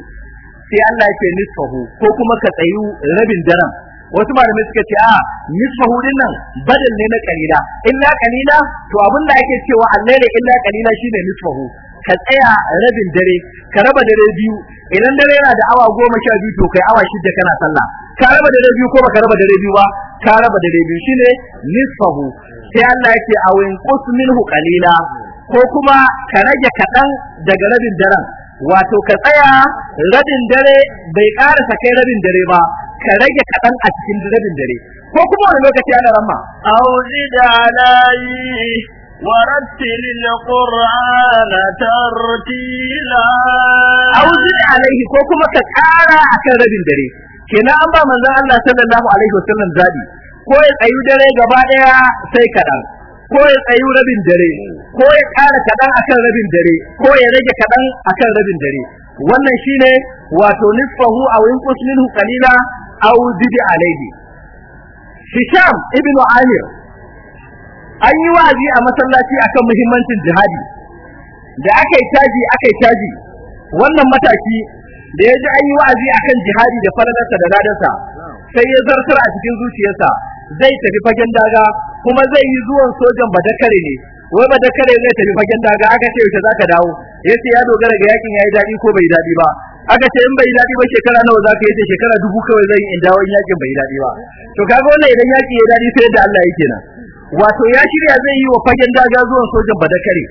sai Allah ya ce nisfahu ko kuma ka tsayu rabin daren wasu malamai suka ce a nisfahu nan badal ne na kalila illa kalila to abin da ake cewa allaila illa kalila shine hu ka tsaya rabin dare ka raba dare biyu idan dare yana da awa goma sha biyu to kai awa shida kana sallah ka raba dare biyu ko baka raba dare biyu ba ka raba dare biyu shine hu sai Allah yake a wayin minhu kalila ko kuma ka rage kaɗan daga rabin daren wato ka tsaya rabin dare bai ƙarasa kai rabin dare ba ka rage kaɗan a cikin rabin dare ko kuma wani lokaci ana ramma auzid alayi ورتل القرآن ترتيلا da عليه ko kuma ka ƙara akan rabin dare kenan an ba manzon Allah sallallahu alaihi wasallam zabi ko ya tsayu dare gaba daya sai kaɗan ko ya tsayu rabin dare ko ya ƙara kaɗan akan rabin dare ko ya rage kaɗan akan rabin dare wannan shine wato nisfahu aw yanqus minhu qalila aw zid alayhi Hisham ibn Amir an yi wazi a masallaci akan muhimmancin jihadi da aka yi caji aka yi caji wannan mataki da ya ji an yi wa'azi akan jihadi da falalarsa da radarsa sai ya zartar a cikin zuciyarsa zai tafi fagen daga kuma zai yi zuwan sojan badakare ne wai badakare zai tafi fagen daga aka ce yaushe zaka dawo yace ya dogara ga yakin yi daɗi ko bai daɗi ba aka ce in bai dadi ba shekara nawa zaka yi shekara dubu kawai zan in dawo in yakin bai dadi ba to kaga wannan idan yaki ya dadi sai da Allah yake nan wato ya shirya zai yi wa fagen daga zuwan sojan badakare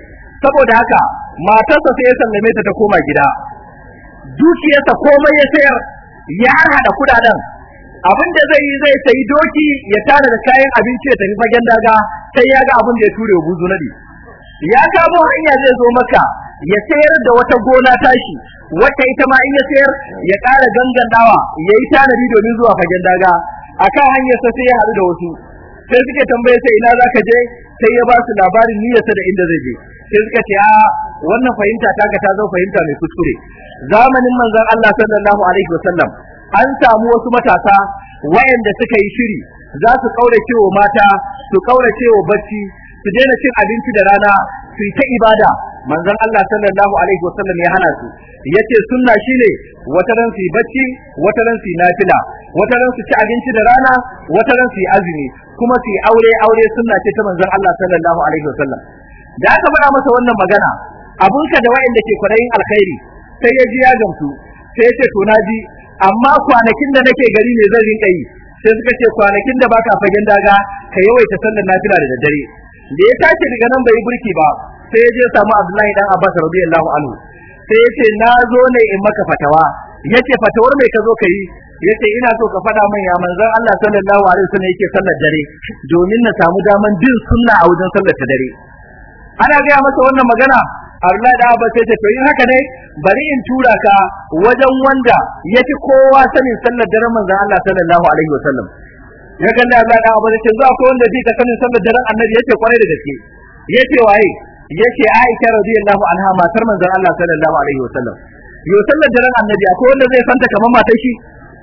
saboda haka matarsa sai ya sallame ta ta koma gida dukiyarsa komai ya sayar ya hada kudaden abin da zai yi zai sayi doki ya tara da kayan abinci ya tafi fagen daga sai ya ga abin da ya ture buzu nadi ya kamo hanya zai zo maka ya sayar da wata gona tashi wata ita ma in ya sayar ya ƙara gangandawa ya yi tanadi domin zuwa fagen daga akan hanyar sa sai ya haɗu da wasu sai suke tambaye sai ina zaka je sai ya ba su labarin niyyarsa da inda zai je sai suka ce a wannan fahimta ta ga ta zo fahimta mai kuskure zamanin manzon Allah sallallahu alaihi wasallam an samu wasu matasa wayanda suka yi shiri za su kaurace wa mata su kaurace wa bacci su daina cin abinci da rana su yi ta ibada manzon Allah sallallahu alaihi wasallam ya hana su yace sunna shine wata ran su yi bacci wata ran su yi nafila wata ran su ci abinci da rana wata ran su yi azumi kuma su yi aure aure sunna ce ta manzon Allah sallallahu alaihi wasallam da aka faɗa masa wannan magana abun ka da wa'anda ke kwadayin alkhairi sai ya ji ya gamsu sai ya ce to na ji amma kwanakin da nake gari ne zan rinka yi sai suka ce kwanakin da baka fagen daga ka yawaita sallar nafila da daddare da ya tashi daga nan bai burki ba sai ya je samu Abdullahi dan Abbas radiyallahu anhu sai ya ce na zo ne in maka fatawa yace fatawar mai ka zo ka yi yace ina so ka faɗa min ya manzon Allah sallallahu alaihi wasallam yake sallar dare domin na samu daman bin sunna a wajen sallar ta dare ana ga masa wannan magana Allah da ba sai ta to in haka ne bari in tura ka wajen wanda yafi kowa sanin sallar dare manzon Allah sallallahu alaihi wasallam ya ganda ya zaɗa abu da ce zuwa ko wanda bi ka sanin da daren annabi yake kwarai da gaske yace waye yace Aisha radiyallahu anha matar manzon Allah sallallahu alaihi wasallam yo sallar daren annabi akwai wanda zai santa kamar matar shi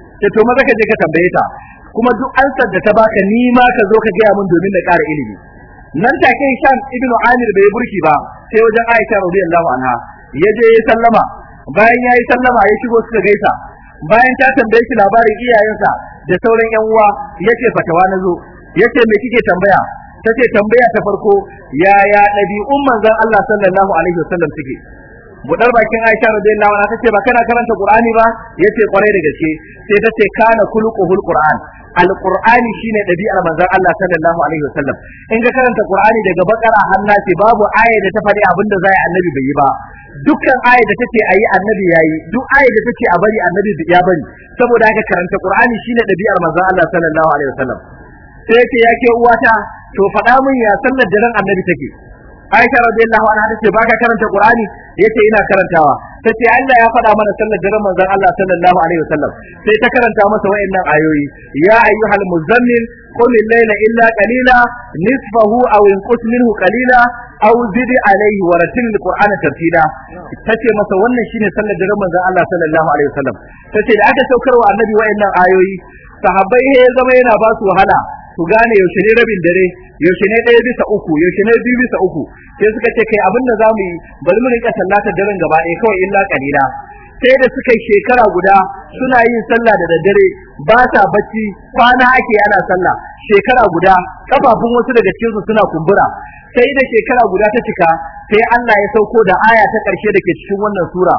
ta to maza ka je ka tambaye ta kuma duk ansar da ta baka ni ma ka zo ka gaya min domin na ƙara ilimi nan ta kai shan ibn Amir bai burki ba sai wajen Aisha radiyallahu anha ya je ya sallama bayan ya yi sallama ya shigo suka gaisa bayan ta tambaye shi labarin iyayensa da sauran yan uwa yake fatawa na zo yace me kike tambaya tace tambaya ta farko ya yaya umman zan Allah sallallahu alaihi wasallam suke budar bakin Aisha radiyallahu anha tace ba kana karanta Qur'ani ba yace kwarai da gaske sai tace kana khuluquhul Qur'an alqur'ani shine dabi'ar manzon Allah sallallahu alaihi wasallam in ka karanta qur'ani daga bakara har babu aya da ta faɗi abinda zai annabi bai yi ba dukkan aya da take ayi annabi yayi duk aya da take a bari annabi ya bari saboda haka karanta qur'ani shine dabi'ar manzon Allah sallallahu alaihi wasallam sai yake yake uwata to faɗa min ya sallar ran annabi take Aisha radiyallahu anha ce baka karanta Qur'ani yace ina karantawa ta ce Allah ya faɗa mana sallar daren manzon Allah sallallahu alaihi wasallam sai ta karanta masa wayannan ayoyi ya ayyuhal muzammil qum layla illa qalila nisfahu aw inqus minhu qalila aw zid alayhi wa ratil al-qur'ana Ta tace masa wannan shine sallar daren manzon Allah sallallahu alaihi wasallam ce da aka saukarwa annabi wayannan ayoyi sahabbai ya zama yana ba su wahala Ku gane yaushe ne rabin dare yaushe ne ɗaya bisa uku yaushe ne biyu bisa uku sai suka ce kai abin da za mu yi bari mu rinka sallatar daren gaba ɗaya kawai illa kalila sai da suka yi shekara guda suna yin sallah da daddare ba sa bacci kwana ake ana sallah shekara guda kafafun wasu daga cikin su suna kumbura sai da shekara guda ta cika sai Allah ya sauko da aya ta ƙarshe da ke cikin wannan sura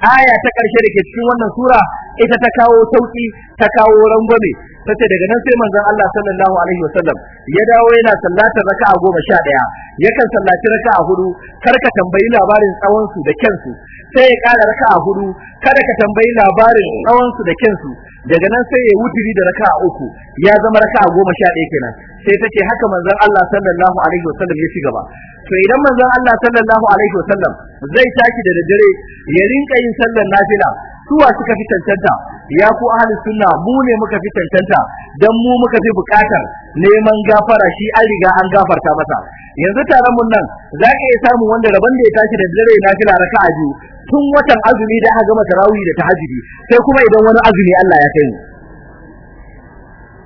aya ta karshe da ke cikin wannan sura ita ta kawo sauki ta kawo rangwame ta ce daga nan sai manzon Allah sallallahu alaihi wasallam ya dawo yana sallatar raka'a goma sha ɗaya yakan sallaci raka'a hudu kar ka tambayi labarin tsawonsu da kyansu sai ya ƙara raka'a hudu kada ka tambayi labarin tsawonsu da kyansu daga nan sai ya wuturi da raka'a uku ya zama raka'a goma sha ɗaya kenan sai ta ce haka manzon Allah sallallahu alaihi wasallam ya ci gaba to idan manzon Allah sallallahu alaihi wasallam zai tashi da daddare ya rinka yin sallar nafila suwa suka fi tantanta ya ku ahli sunna mu ne muka fi tantanta dan mu muka fi bukatar neman gafara shi an riga an gafarta masa yanzu taron mun nan za ka iya samun wanda rabon da ya tashi da dare na fila a biyu tun watan azumi da aka gama tarawih da tahajjudi sai kuma idan wani azumi Allah ya kai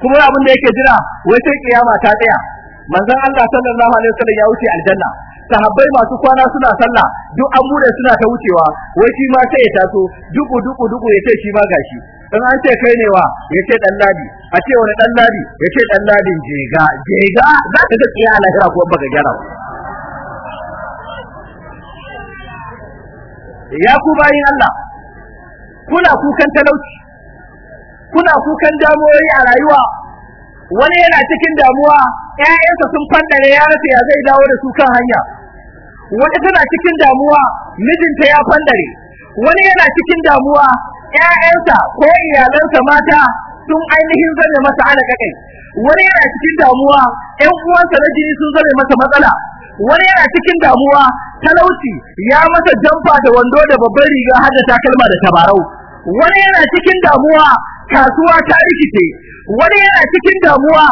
kuma abin da yake jira wai sai kiyama ta tsaya manzon Allah sallallahu alaihi wasallam ya wuce aljanna sahabbai masu kwana suna sallah duk an bude suna ta wucewa wai shi ma sai ya taso duku duku duku ya ce shi ma gashi in an ce kai ne wa ya ce dan ladi a ce wani dan ladi ya ce dan ladin jega jega za ka ga tsiya lahira ko baka gyara ba ya ku bayin Allah kuna kukan talauci kuna kukan damuwoyi a rayuwa wani yana cikin damuwa ƴaƴansa sun fadare ya rasa ya zai dawo da su kan hanya wani tana cikin damuwa mijinta ya fandare wani yana cikin damuwa ƴaƴansa ko iyalansa mata sun ainihin zane masa alaƙaƙai wani yana cikin damuwa 'yan uwansa na jini sun zane masa matsala wani yana cikin damuwa talauci ya masa jamfa da wando da babban riga har da takalma da tabarau wani yana cikin damuwa kasuwa ta rikice wani yana cikin damuwa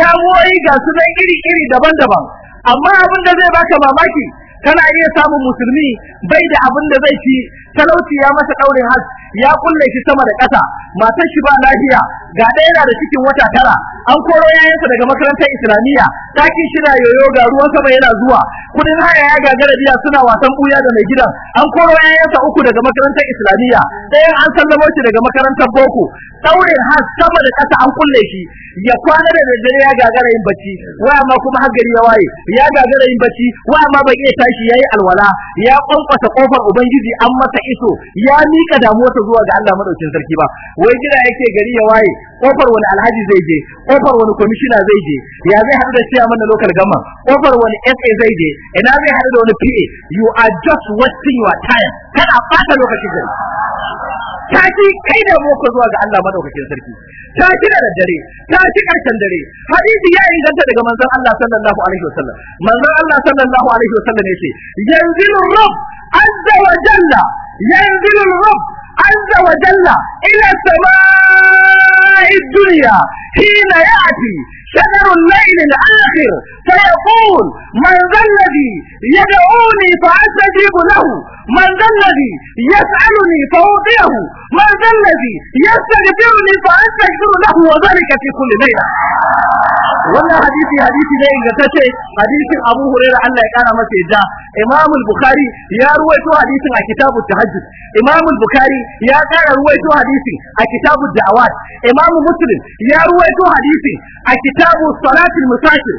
damuwoyi ga su nan iri-iri daban-daban amma abin da zai baka mamaki kana iya samun musulmi bai da abin da zai ci talauci ya masa ɗaurin hajji ya kulle shi sama da ƙasa matar shi ba lafiya ga ɗaya yana da cikin wata tara an koro yayansa daga makarantar islamiyya taki shida yoyo ga ruwan sama yana zuwa kudin haya ya gagara biya suna wasan buya da mai gidan an koro yayansa uku daga makarantar islamiyya ɗayan an sallamo shi daga makarantar boko Saurin har sama da ƙasa an kulle shi ya kwana da daddare ya gagara yin bacci waya ma kuma har gari ya waye ya gagara yin bacci waya ma bai iya tashi yayi alwala ya kwankwasa kofar ubangiji an masa iso ya mika damuwarsa zuwa ga Allah madaukin sarki ba wai gida yake gari ya waye kofar wani alhaji zai je kofar wani komishina zai je ya zai haɗu da ciyaman na local gama kofar wani SA zai je ina zai haɗu da wani PA you are just wasting your time kana fata lokacin gari ta ci kai da mu zuwa ga Allah madaukakin sarki ta ci da dare ta ci karshen dare hadisi ya yi inganta daga manzon Allah sallallahu alaihi wasallam manzon Allah sallallahu alaihi wasallam ce, yanzilu rabb azza wa jalla ينزل الرب عز وجل إلى سماء الدنيا حين يأتي شهر الليل الآخر فيقول من ذا الذي يدعوني فأستجيب له من ذا الذي يسألني فأعطيه من ذا الذي يستغفرني فأستغفر له وذلك في كل ليلة wannan hadisi hadisi ne ingantacce hadisin Abu Hurairah Allah ya kara masa yadda Imam al-Bukhari ya ruwaito hadisin a al imam bukhari ya kara ruwaito hadisin a kitabu da'awat imam muslim ya ruwaito hadisin a kitabu salatul musafir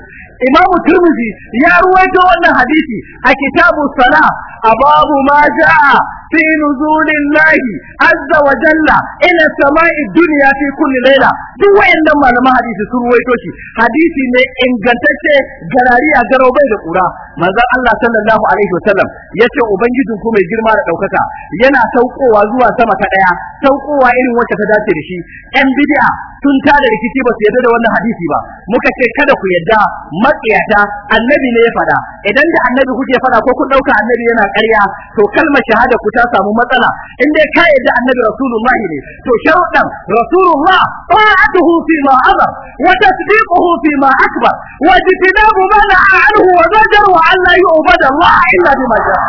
imamu turmizi ya ruwaito wannan hadisi a kitabu sala a babu ma ja'a fi nuzulin lahi azza wa jalla ila sama'i duniya fi kulli laila duk wayannan malaman hadisi sun ruwaito shi hadisi ne ingantacce garari a garau bai da kura manzon Allah sallallahu alaihi wasallam yace ubangijin ku mai girma da daukaka yana saukowa zuwa sama ta daya saukowa irin wacce ta dace da shi ɗan bid'a sun tada rikici ba su yarda da wannan hadisi ba muka ce kada ku yarda matsiyata annabi ne ya fada idan da annabi kuke fada ko ku dauka annabi yana ƙarya to kalmar shahada ku ta samu matsala in dai ka yarda annabi rasulullahi ne to sharuɗan rasulullah ta'atuhu fi ma amar wa tasdiquhu fi ma akbar wa jitinabu ma na'a anhu wa zajaru an la yu'bada Allah illa bima ja'a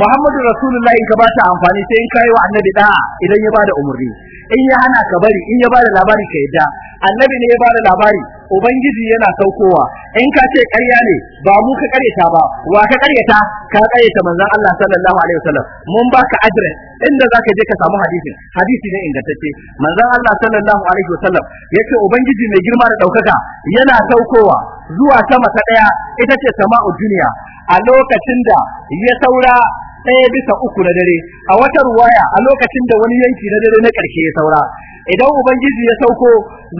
Muhammadu Rasulullahi in ka ba ta amfani sai in kai wa annabi da idan ya bada umurni in ya hana ka bari in ya ba da labari ka yadda annabi ne ya ba da labari ubangiji yana saukowa in ka ce ƙarya ne ba mu ka ƙaryata ba wa ka karyata ka ƙaryata manzon Allah sallallahu alaihi wasallam mun baka address inda za ka je ka samu hadisi, hadisi ne ingantacce manzon Allah sallallahu alaihi wasallam yace ubangiji mai girma da ɗaukaka yana saukowa zuwa sama ta ɗaya ita ce sama'u duniya a lokacin da ya saura ɗaya bisa uku na dare a wata ruwaya a lokacin da wani yanki na dare na ƙarshe ya saura idan ubangiji ya sauko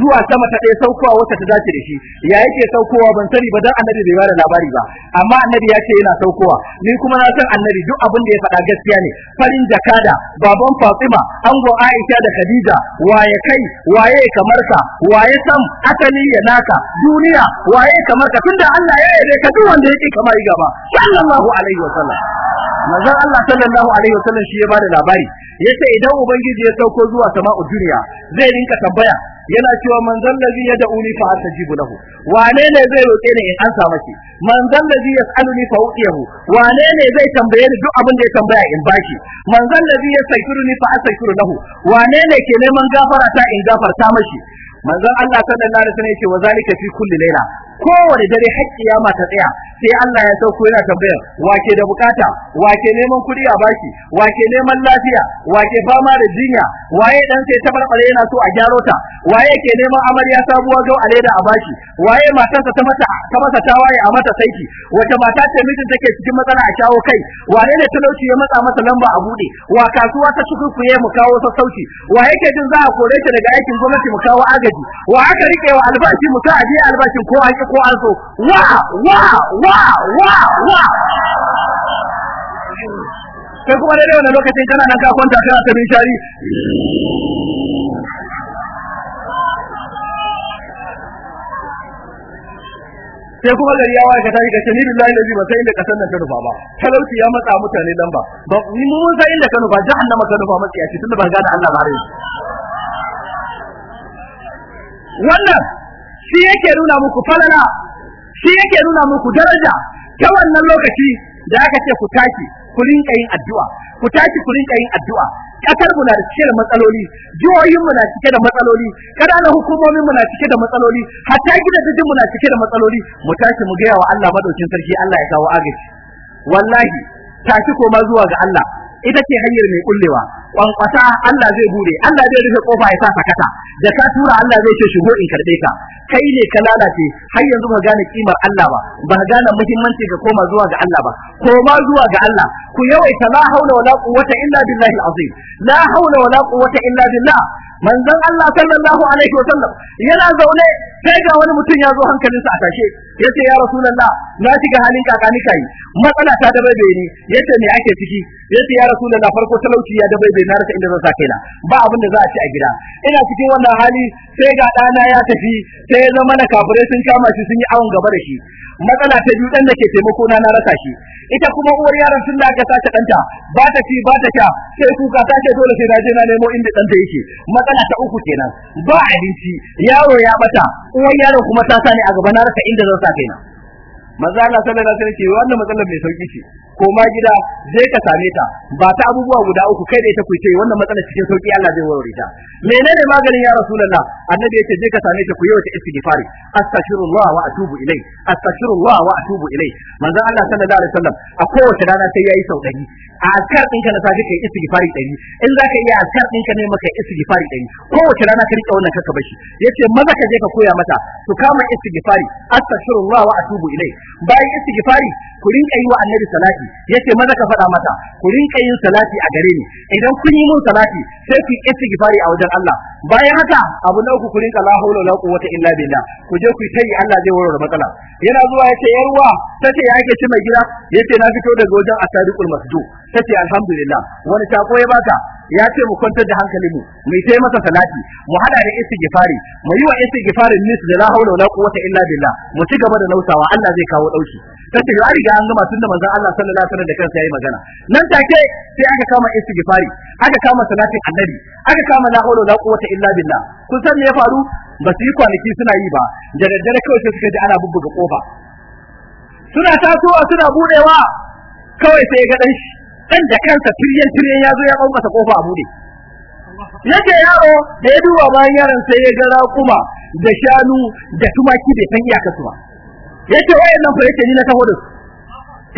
zuwa sama ta ɗaya saukowa wata ta dace da shi ya yake saukowa ban sani ba dan annabi bai bada labari ba amma annabi ya ce yana saukowa ni kuma na san annabi duk abin da ya faɗa gaskiya ne farin jakada baban fatima ango aisha da khadija waye kai waye kamar ka waye sam asali ya naka duniya waye kamar ka tunda Allah ya yi ka duk wanda yake kamar gaba sallallahu alaihi wasallam manzon Allah sallallahu alaihi wasallam shi ya bada labari yace idan ubangiji ya sauko zuwa sama'u duniya zai rinka tambaya yana cewa manzon ladhi da'uni fa astajibu lahu wane ne zai roke ni in ansa sa mashi manzon ladhi yas'aluni fa utiyahu wane ne zai tambaye ni duk abin da ya tambaya in bashi manzon ladhi yastaghfiruni fa astaghfiru lahu wane ne ke neman gafara ta in gafarta mashi manzon Allah sallallahu alaihi wasallam yace wa zalika fi kulli laila kowane dare haƙƙi ya mata tsaya sai Allah ya sauko yana tambaya wake da bukata wake neman kuɗi a baki wake neman lafiya wake fama da jinya waye dan sai ta barbare yana so a gyaro ta waye ke neman amarya sabuwa gau a leda a baki waye matarsa ta mata ta masa waye a mata saiki wace mata ce mijin take cikin matsala a shawo kai wane ne talauci ya matsa masa lamba a bude wa kasuwa ta shukukuye mu kawo sassauci wa yake jin za a kore ta daga aikin gwamnati mu kawo agaji wa aka rike wa albashi mu ta aje albashin ko an ko an so wa wa wa wa wa sai kuma dai wannan lokacin kana nan ka kwanta kana ta bin shari sai kuma gari ya waye ka tashi kace ni billahi lazi ba sai inda kasan na ta nufa ba talauci ya matsa mutane dan ba ba ni mun sai inda ka nufa jahannama ka nufa matsi a cikin ba ga da Allah bare wannan shi yake nuna muku falala shi yake nuna muku daraja ta wannan lokaci da aka ce ku tashi ku rinka yin addu'a ku tashi ku rinka yin addu'a kasar mu na cike da matsaloli jihohin mu na cike da matsaloli kananan hukumomin mu na cike da matsaloli hatta gidajen mu na cike da matsaloli mu tashi mu gaya wa Allah madaukin sarki Allah ya kawo agaji wallahi tashi koma zuwa ga Allah ita ce hanyar mai kullewa kwankwasa Allah zai bude Allah zai rufe kofa ya sa sakata da ka tura Allah zai ce shigo in karbe ka kai ne ka lalace har yanzu ba gane kimar Allah ba ba gane muhimmanci ga koma zuwa ga Allah ba koma zuwa ga Allah ku yawaita la haula wala quwwata illa billahi alazim la haula wala quwwata illa billah manzon Allah sallallahu alaihi wasallam yana zaune sai ga wani mutum ya zo hankalinsa a tashe yace ya rasulullah na shiga halin kakani kai matsala ta da bai ni yace me ake ciki yace ya rasulullah farko talauci ya da baibe na rasa inda zan sa kaina ba abin da za a ci a gida ina cikin wannan hali sai ga dana ya tafi sai ya zama na sun kama shi sun yi awon gaba da shi matsala ta biyu dan nake taimako na na rasa shi ita kuma uwar yaron sun da ta ta danta ba ta ci ba ta sha sai kuka ta ce dole sai na je na nemo inda danta yake matsala ta uku kenan ba abinci yaro ya bata uwar yaron kuma ta sani a gaba na rasa inda zan sa kaina manzo Allah sallallahu alaihi wasallam ce wannan matsalar mai sauki ce koma gida zai ka same ta ba ta abubuwa guda uku kai da ita ku ce wannan matsalar cikin sauki Allah zai warware ta menene maganin ya rasulullah annabi yace zai ka same ta ku yi wata istighfari astaghfirullah wa atubu ilai astaghfirullah wa atubu ilai manzon Allah sallallahu alaihi wasallam a kowace rana sai yayi sau 100 a askar ɗinka na safe kai istighfari 100 in zaka iya a askar ɗinka ne maka istighfari 100 kowace rana ka rika wannan kaka bashi yace maza ka je ka koya mata su kama istighfari astaghfirullah wa atubu ilai bayan istighfari ku rinka yi wa annabi salati yace maza ka faɗa mata ku rinka yin salati a gare ni idan kun yi mun salati sai ku istighfari a wajen Allah bayan haka abu na uku ku rinka la hawla wala quwwata illa billah ku je ku tayi Allah zai warware matsala yana zuwa yace uwa, tace ya yake ci mai gida yace na fito daga wajen asadiqul masjid tace alhamdulillah wani sako ya baka ya ce mu kwantar da hankalin mu mu yi masa salati mu hada da istighfari mu yi wa istighfari nis da la hawla wala quwwata illa billah mu ci gaba da lausawa. Allah zai kawo dauki kace ya riga an gama tunda manzon Allah sallallahu alaihi wasallam da kansa yayi magana nan take sai aka kama istighfari aka kama salatin annabi aka kama la hawla wala quwwata illa billah kun san me ya faru ba su yi kwanaki suna yi ba da daddare kawai sai suka ji ana bubbuga kofa suna tasowa suna budewa kawai sai ga dan shi dan da kansa tiryan tiryen ya zo ya kawo kofa a bude yake yaro da ya duba bayan yaron sai ya ga raƙuma da shanu da tumaki bai san iyakansu ba yace wayannan fa yace ni na taho da su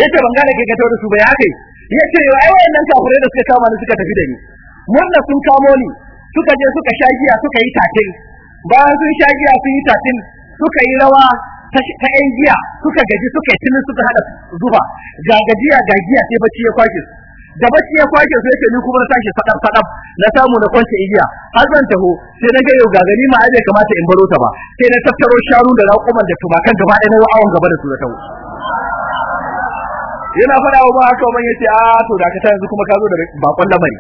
yace ban gane kai ka da su ba ya kai yace yo nan wayannan kure da suka kama ni suka tafi da ni wannan sun kamo ni suka je suka sha giya suka yi tatin bayan sun sha giya sun yi tatin suka yi rawa ta yan giya suka gaji suka yi tilin suka hada zuba ga gajiya ga giya sai bacci ya kwashe su da bacci ya kwashe sai ce ni kuma na tashi sadar sadar na samu na kwance igiya har zan taho sai na ga yau gagari ma ai kamata in baro ta ba sai na tattaro sharu da raƙuman da tumakan gaba ɗaya na yau awon gaba da su da taho yana fada wa ba haka ban yace a ah, to da ka ta yanzu kuma ka zo da bakon lamari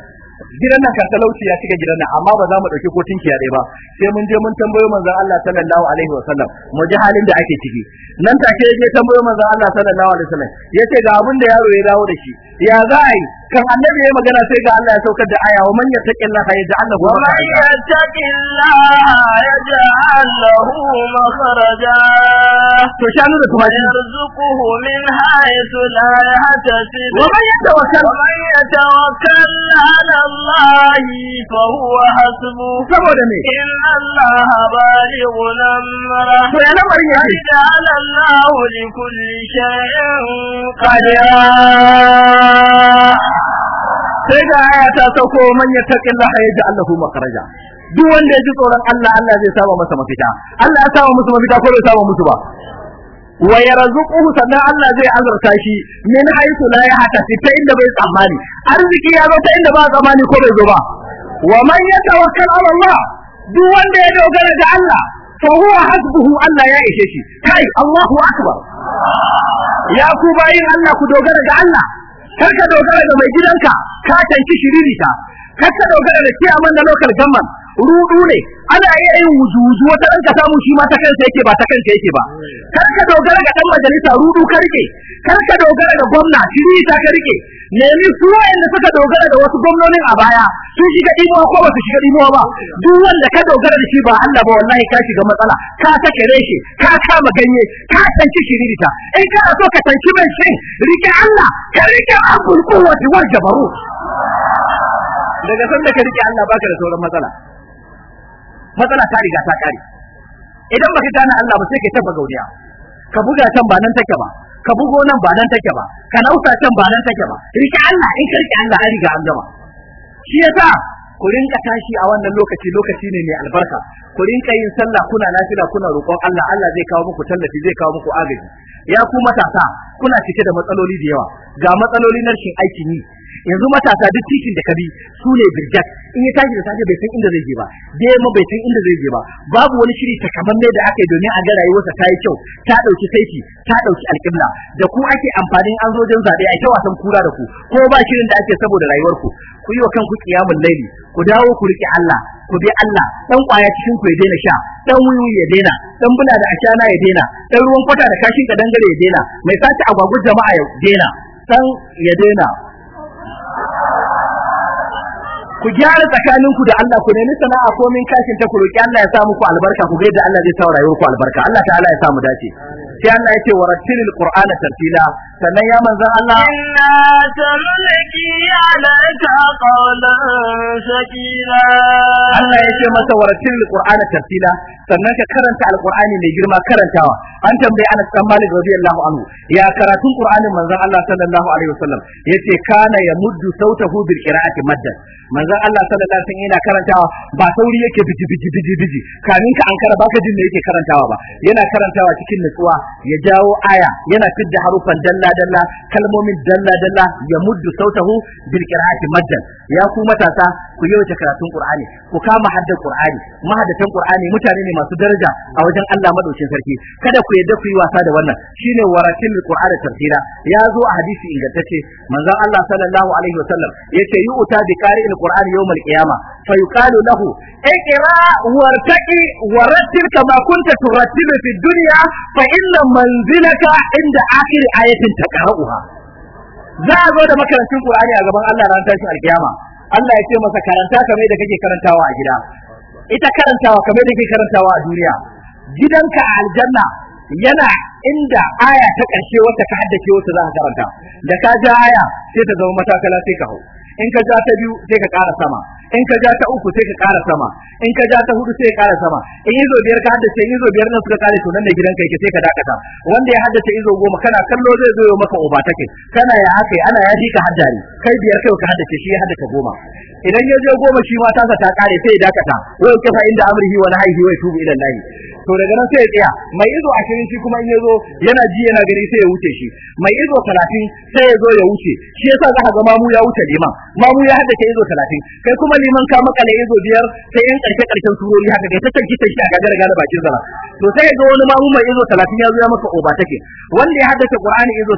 gidan nan ka talauci ya cika gidan nan amma ba za mu dauki kotun ya dai ba sai mun je mun tambayo manzon Allah sallallahu alaihi wasallam mu ji halin da ake ciki nan take je tambayo manzon Allah sallallahu alaihi wasallam yace ga abin da yaro ya dawo da shi ya za a yi kan annabi yayi magana sai ga Allah ya saukar da aya wa man yattaqillaha yaj'al lahu wa man yattaqillaha yaj'al lahu makhraja to shanu da kuma yarzuquhu min haythu la yahtasib wa man yatawakkal wa man yatawakkal ala Allah fa huwa hasbu saboda me inna Allah balighun amra to ya lamarin yake ja'ala Allah li kulli shay'in qadira sai da aya ta sauko man yattaqillaha yaj'al lahu makhraja duk wanda ya ji tsoron Allah Allah zai saba masa mafita Allah ya saba musu mafita ko bai saba musu ba wa yarzuquhu sannan Allah zai azurta shi min haythu la fi ta inda bai tsammani arziki ya zo ta inda ba tsammani ko bai zo ba wa man yatawakkal ala Allah duk wanda ya dogara ga Allah fa huwa hasbuhu Allah ya ishe shi kai Allahu akbar ya ku bayin Allah ku dogara ga Allah kar ka dogara da mai gidanka ka tanki shiririta kar ka dogara da ciyaman da local gamman rudu ne ana iya yin wuzuwuzu wata ɗan ka samu shi ma ta kansa yake ba ta kansa yake ba kar ka dogara ga ɗan majalisa rudu ka rike kar ka dogara ga gwamna shiri ta ka rike nemi su wanda suka dogara da wasu gwamnonin a baya su shiga imuwa ko basu shiga imuwa ba duk wanda ka dogara da shi ba Allah ba wallahi ka shiga matsala ka sake reshe ka kama ganye ka tanci shiririta in ka so ka tanci mai shi, rike Allah ka rike abul quwwati wal jabaru daga sanda ka rike Allah baka da sauran matsala matsala ta riga ta kare idan baka tana Allah ba sai ka tafa gaudiya ka buga can ba nan take ba ka bugo nan ba nan take ba ka nausa can ba nan take ba rike Allah in ka rike Allah an riga an gama shi yasa ku rinka tashi a wannan lokaci lokaci ne mai albarka ku rinka yin sallah kuna lafiya kuna roƙon Allah Allah zai kawo muku tallafi zai kawo muku agaji ya ku matasa kuna cike da matsaloli da yawa ga matsaloli na rashin aiki ni yanzu matasa duk titin da kabi su ne birjat in ya tashi da safe bai san inda zai je ba dai ma bai san inda zai je ba babu wani shiri ne da aka yi domin a ga rayuwarsa ta yi kyau ta dauki saiti ta dauki alƙibla da ku ake amfanin an zo don zaɓe a kyau wasan kura da ku ko ba shirin da ake saboda rayuwarku ku yi wa kan ku kiyamun laili ku dawo ku riƙe Allah ku bi Allah dan kwaya cikin ku ya daina sha dan wuyu ya daina dan bula da ashana ya daina dan ruwan kwata da kashin kadangare ya daina mai sace agwagwar jama'a ya daina san ya daina ku gyara tsakanin ku da Allah ku nemi sana'a ko min kashin ta ku roki Allah ya sa muku albarka ku ga yadda Allah zai sa ku albarka Allah ta'ala ya samu dace sai Allah yake warattilil qur'ana tartila sannan ya manzan Allah inna tamliki alaka qawlan shakila Allah yake masa warattilil qur'ana tartila sannan ka karanta alqur'ani mai girma karantawa an tambaye Anas bin Malik radiyallahu anhu ya karatun qur'anin manzan Allah sallallahu alaihi wasallam yace kana yamuddu sautahu bil qira'ati maddan Manzan Allah sallallahu alaihi wasallam yana karantawa ba sauri yake biji biji biji biji kamin ka ankara baka jin me yake karantawa ba yana karantawa cikin nutsuwa ya jawo aya yana fidda harufan dalla dalla kalmomin dalla dalla ya muddu sautahu bil qira'ati majdan ya ku matasa ku yawaita karatun qur'ani ku kama haddan qur'ani mahaddatan qur'ani mutane ne masu daraja a wajen Allah madaukin sarki kada ku yadda ku yi wasa da wannan shine waratil qur'ani tafsira ya zo a hadisi ingantacce manzon Allah sallallahu alaihi wasallam yace yu'ta bi qari'il qur'ani yawmal qiyamah fa yuqalu lahu iqra wartaqi warattil kama kunta turattilu fid dunya fa in inna manzilaka inda akhir ayatin taqra'uha za a zo da makarantun Qur'ani a gaban Allah ran tashin alkiyama Allah ya ce masa karanta kamar da kake karantawa a gida ita karantawa kamar da kake karantawa a duniya gidanka a aljanna yana inda aya ta ƙarshe wata ka haddace wata za ka karanta da ka ja aya sai ta zama matakala sai ka hau in ka ja ta biyu sai ka ƙara sama in ka ja ta uku sai ka ƙara sama in ka ja ta hudu sai ka ƙara sama in izo biyar ka haddace izo biyar nan suka ƙare to nan ne gidanka yake sai ka dakata wanda ya haddace izo goma kana kallo zai zo maka uba take kana ya haka ana ya ji ka kai biyar kai ka haddace shi ya haddace goma idan ya je goma shi ma ta ta ƙare sai ya dakata wa kafa inda amrihi wa nahyihi wa tubu ila Allah to daga nan sai ya tsaya mai izo 20 shi kuma in yazo yana ji yana gari sai ya wuce shi mai izo 30 sai ya zo ya wuce shi yasa za ga mamu ya wuce liman mamu ya hada ke izo 30 kai kuma liman ka makale izo biyar sai in karshe karshen turori haka da ta tanki shi a gagar gane bakin zara to sai ga wani mamu mai izo 30 ya zo ya maka oba take wanda ya haddace Qur'ani izo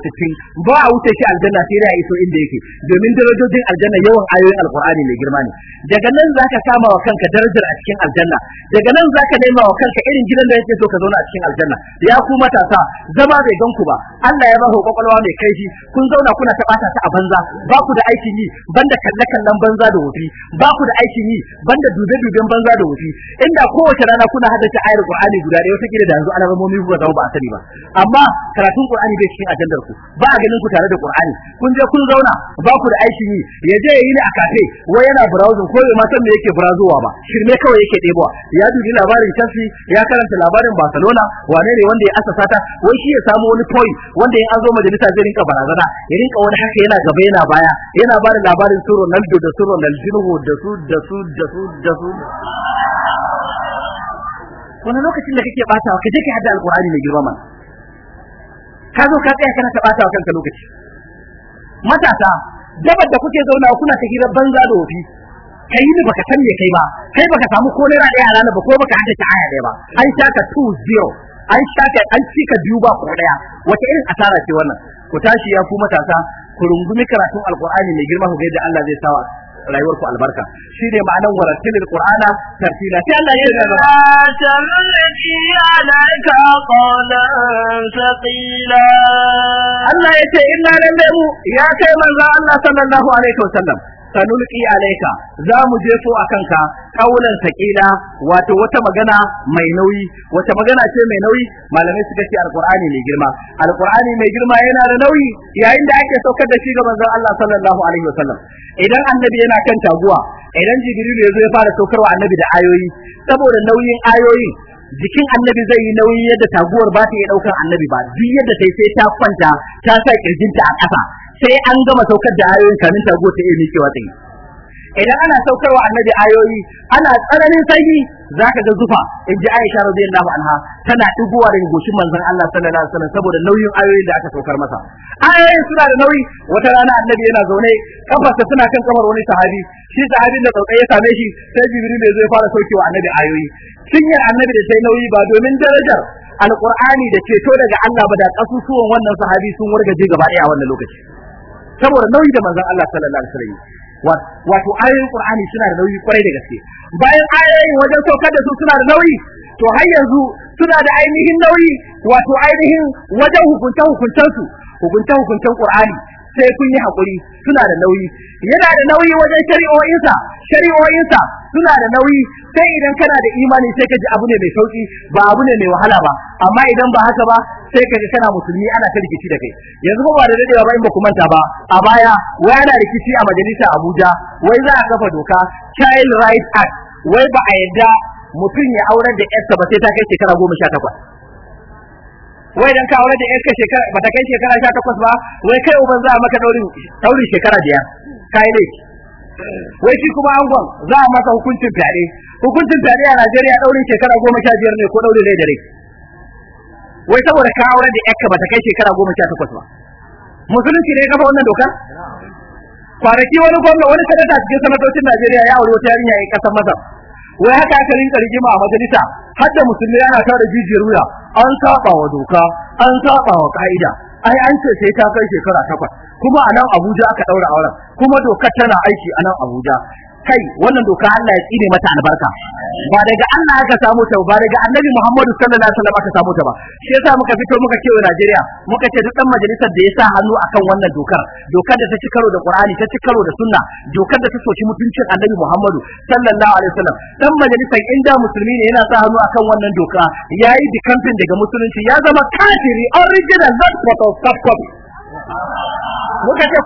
60 ba a wuce shi aljanna sai ya iso inda yake domin darajojin aljanna yawan ayoyin alqur'ani mai girma ne daga nan zaka kama wa kanka darajar a cikin aljanna daga nan zaka nema wa kanka irin gidan da yake so ka zauna a cikin aljanna ya ku matasa zama bai ganku ba Allah ya ba ku kwakwalwa mai kaifi kun zauna kuna ta bata ta a banza ba ku da aikin yi banda kalle kallan banza da wofi ba ku da aikin yi banda dube duben banza da wofi inda kowace rana kuna haddace ayar Qur'ani guda da wata gida da yanzu mu ba za ba a sani ba amma karatun Qur'ani bai cikin ajandar ku ba a ganin ku tare da Qur'ani kun je kun zauna ba ku da aikin yi ya je yi ni a kafe wai yana browsing ko bai ma san me yake browsowa ba shirme kawai yake ɗebowa ya dubi labarin tafsi ya karanta karanta labarin Barcelona wane ne wanda ya asasa ta wai shi ya samu wani point wanda ya an zo majalisa zai rinka barazana ya rinka wani haka yana gaba yana baya yana bada labarin su Ronaldo da su Ronaldinho da su da su da su da su wani lokacin da kake batawa ka je ka hada alkur'ani mai girma ka zo ka tsaya kana ta batawa kanka lokaci matasa dabar da kuke zauna kuna ta hirar banza da wofi kai ne baka san me kai ba kai baka samu ko naira daya a ba ko baka hada ta aya daya ba an shaka 2-0 an shaka an cika biyu ba ko daya wata irin asara ce wannan ku tashi ya ku matasa ku rungumi karatun alqur'ani mai girma ku ga yadda Allah zai sawa rayuwar ku albarka shi ne ma'anar warattil alqur'ana tartila sai Allah ya yi tarti alayka qawlan saqila Allah yace inna lam ya kai manzo Allah sallallahu alaihi wasallam sanulki alayka za mu je so akan ka kaulan sakila wato wata magana mai nauyi wata magana ce mai nauyi malamai suka ce alqur'ani mai girma alqur'ani mai girma yana da nauyi yayin da ake saukar da shi ga manzon Allah sallallahu alaihi wasallam idan annabi yana kan taguwa idan jibril ya zo ya fara saukar wa annabi da ayoyi saboda nauyin ayoyi, jikin annabi zai yi nauyi yadda taguwar ba ta iya daukar annabi ba duk yadda ta sai ta kwanta ta sa kirjinta a ƙasa sai an gama saukar da ayoyin kamin tago ta iya miƙewa tsaye idan ana saukarwa annabi ayoyi ana tsananin sanyi zaka ga zufa in ji Aisha radiyallahu anha tana duguwa da goshin manzon Allah sallallahu alaihi wasallam saboda nauyin ayoyin da aka saukar masa ayoyin suna da nauyi wata rana annabi yana zaune kafarsa suna kan kamar wani sahabi shi sahabin da tsautsaye ya same shi sai Jibril ne zai fara saukewa annabi ayoyi cinyar annabi da sai nauyi ba domin darajar Alƙur'ani da ceto daga Allah ba da kasusuwan wannan sahabi sun wargaje gaba ɗaya a wannan lokaci saboda nauyi da manzon Allah sallallahu alaihi wasallam wato ayoyin Qur'ani suna da nauyi kwarai da gaske bayan ayoyin wajen saukar da su suna da nauyi to har yanzu suna da ainihin nauyi wato ainihin wajen hukunce hukuncen su hukunce Qur'ani sai kun yi hakuri suna da nauyi yana da nauyi wajen shari'o'insa shari'o'insa suna da nauyi sai idan kana da imani sai ka ji abu ne mai sauki ba abu ne mai wahala ba amma idan ba haka ba sai ka ji kana musulmi ana ta rikici da kai yanzu ba da dadewa ba in ba ku manta ba a baya wai ana rikici a majalisa Abuja wai za a kafa doka Child Rights Act wai ba a yadda mutum ya aurar da yarsa ba sai ta kai shekara goma sha takwas wai dan ka aure da yanka shekara bata kai shekara 18 ba wai kai uban za a maka daurin daurin shekara biyar kai ne wai shi kuma angon za a masa hukuncin fyaɗe hukuncin fyaɗe a Najeriya daurin shekara goma sha biyar ne ko daurin rai da wai saboda ka aure da yanka bata kai shekara goma sha takwas ba musulunci ne kafa wannan dokar kwanaki wani gwamna wani sanata cikin sanatocin Najeriya ya aure wata yarinya ya kasar Masar wai haka aka rinka rigima a majalisa har da musulmi yana ta da jijiyar wuya an saba wa doka an saba wa ka'ida ai an ce sai ta kai shekara takwas kuma a nan Abuja aka daura auren kuma doka tana aiki a nan Abuja kai wannan doka Allah ya tsine mata albarka ba daga Allah aka samu ta ba daga Annabi Muhammadu sallallahu alaihi wasallam aka samu ta ba shi yasa muka fito muka ce wa Najeriya muka ce duk dan majalisar da ya sa hannu akan wannan dokar dokar da ta ci karo da Qur'ani ta ci karo da Sunna dokar da ta soki mutuncin Annabi Muhammadu sallallahu alaihi wasallam dan majalisar inda musulmi ne yana sa hannu akan wannan doka yayi dikamfin daga musulunci ya zama kafiri original not photocopy muka ce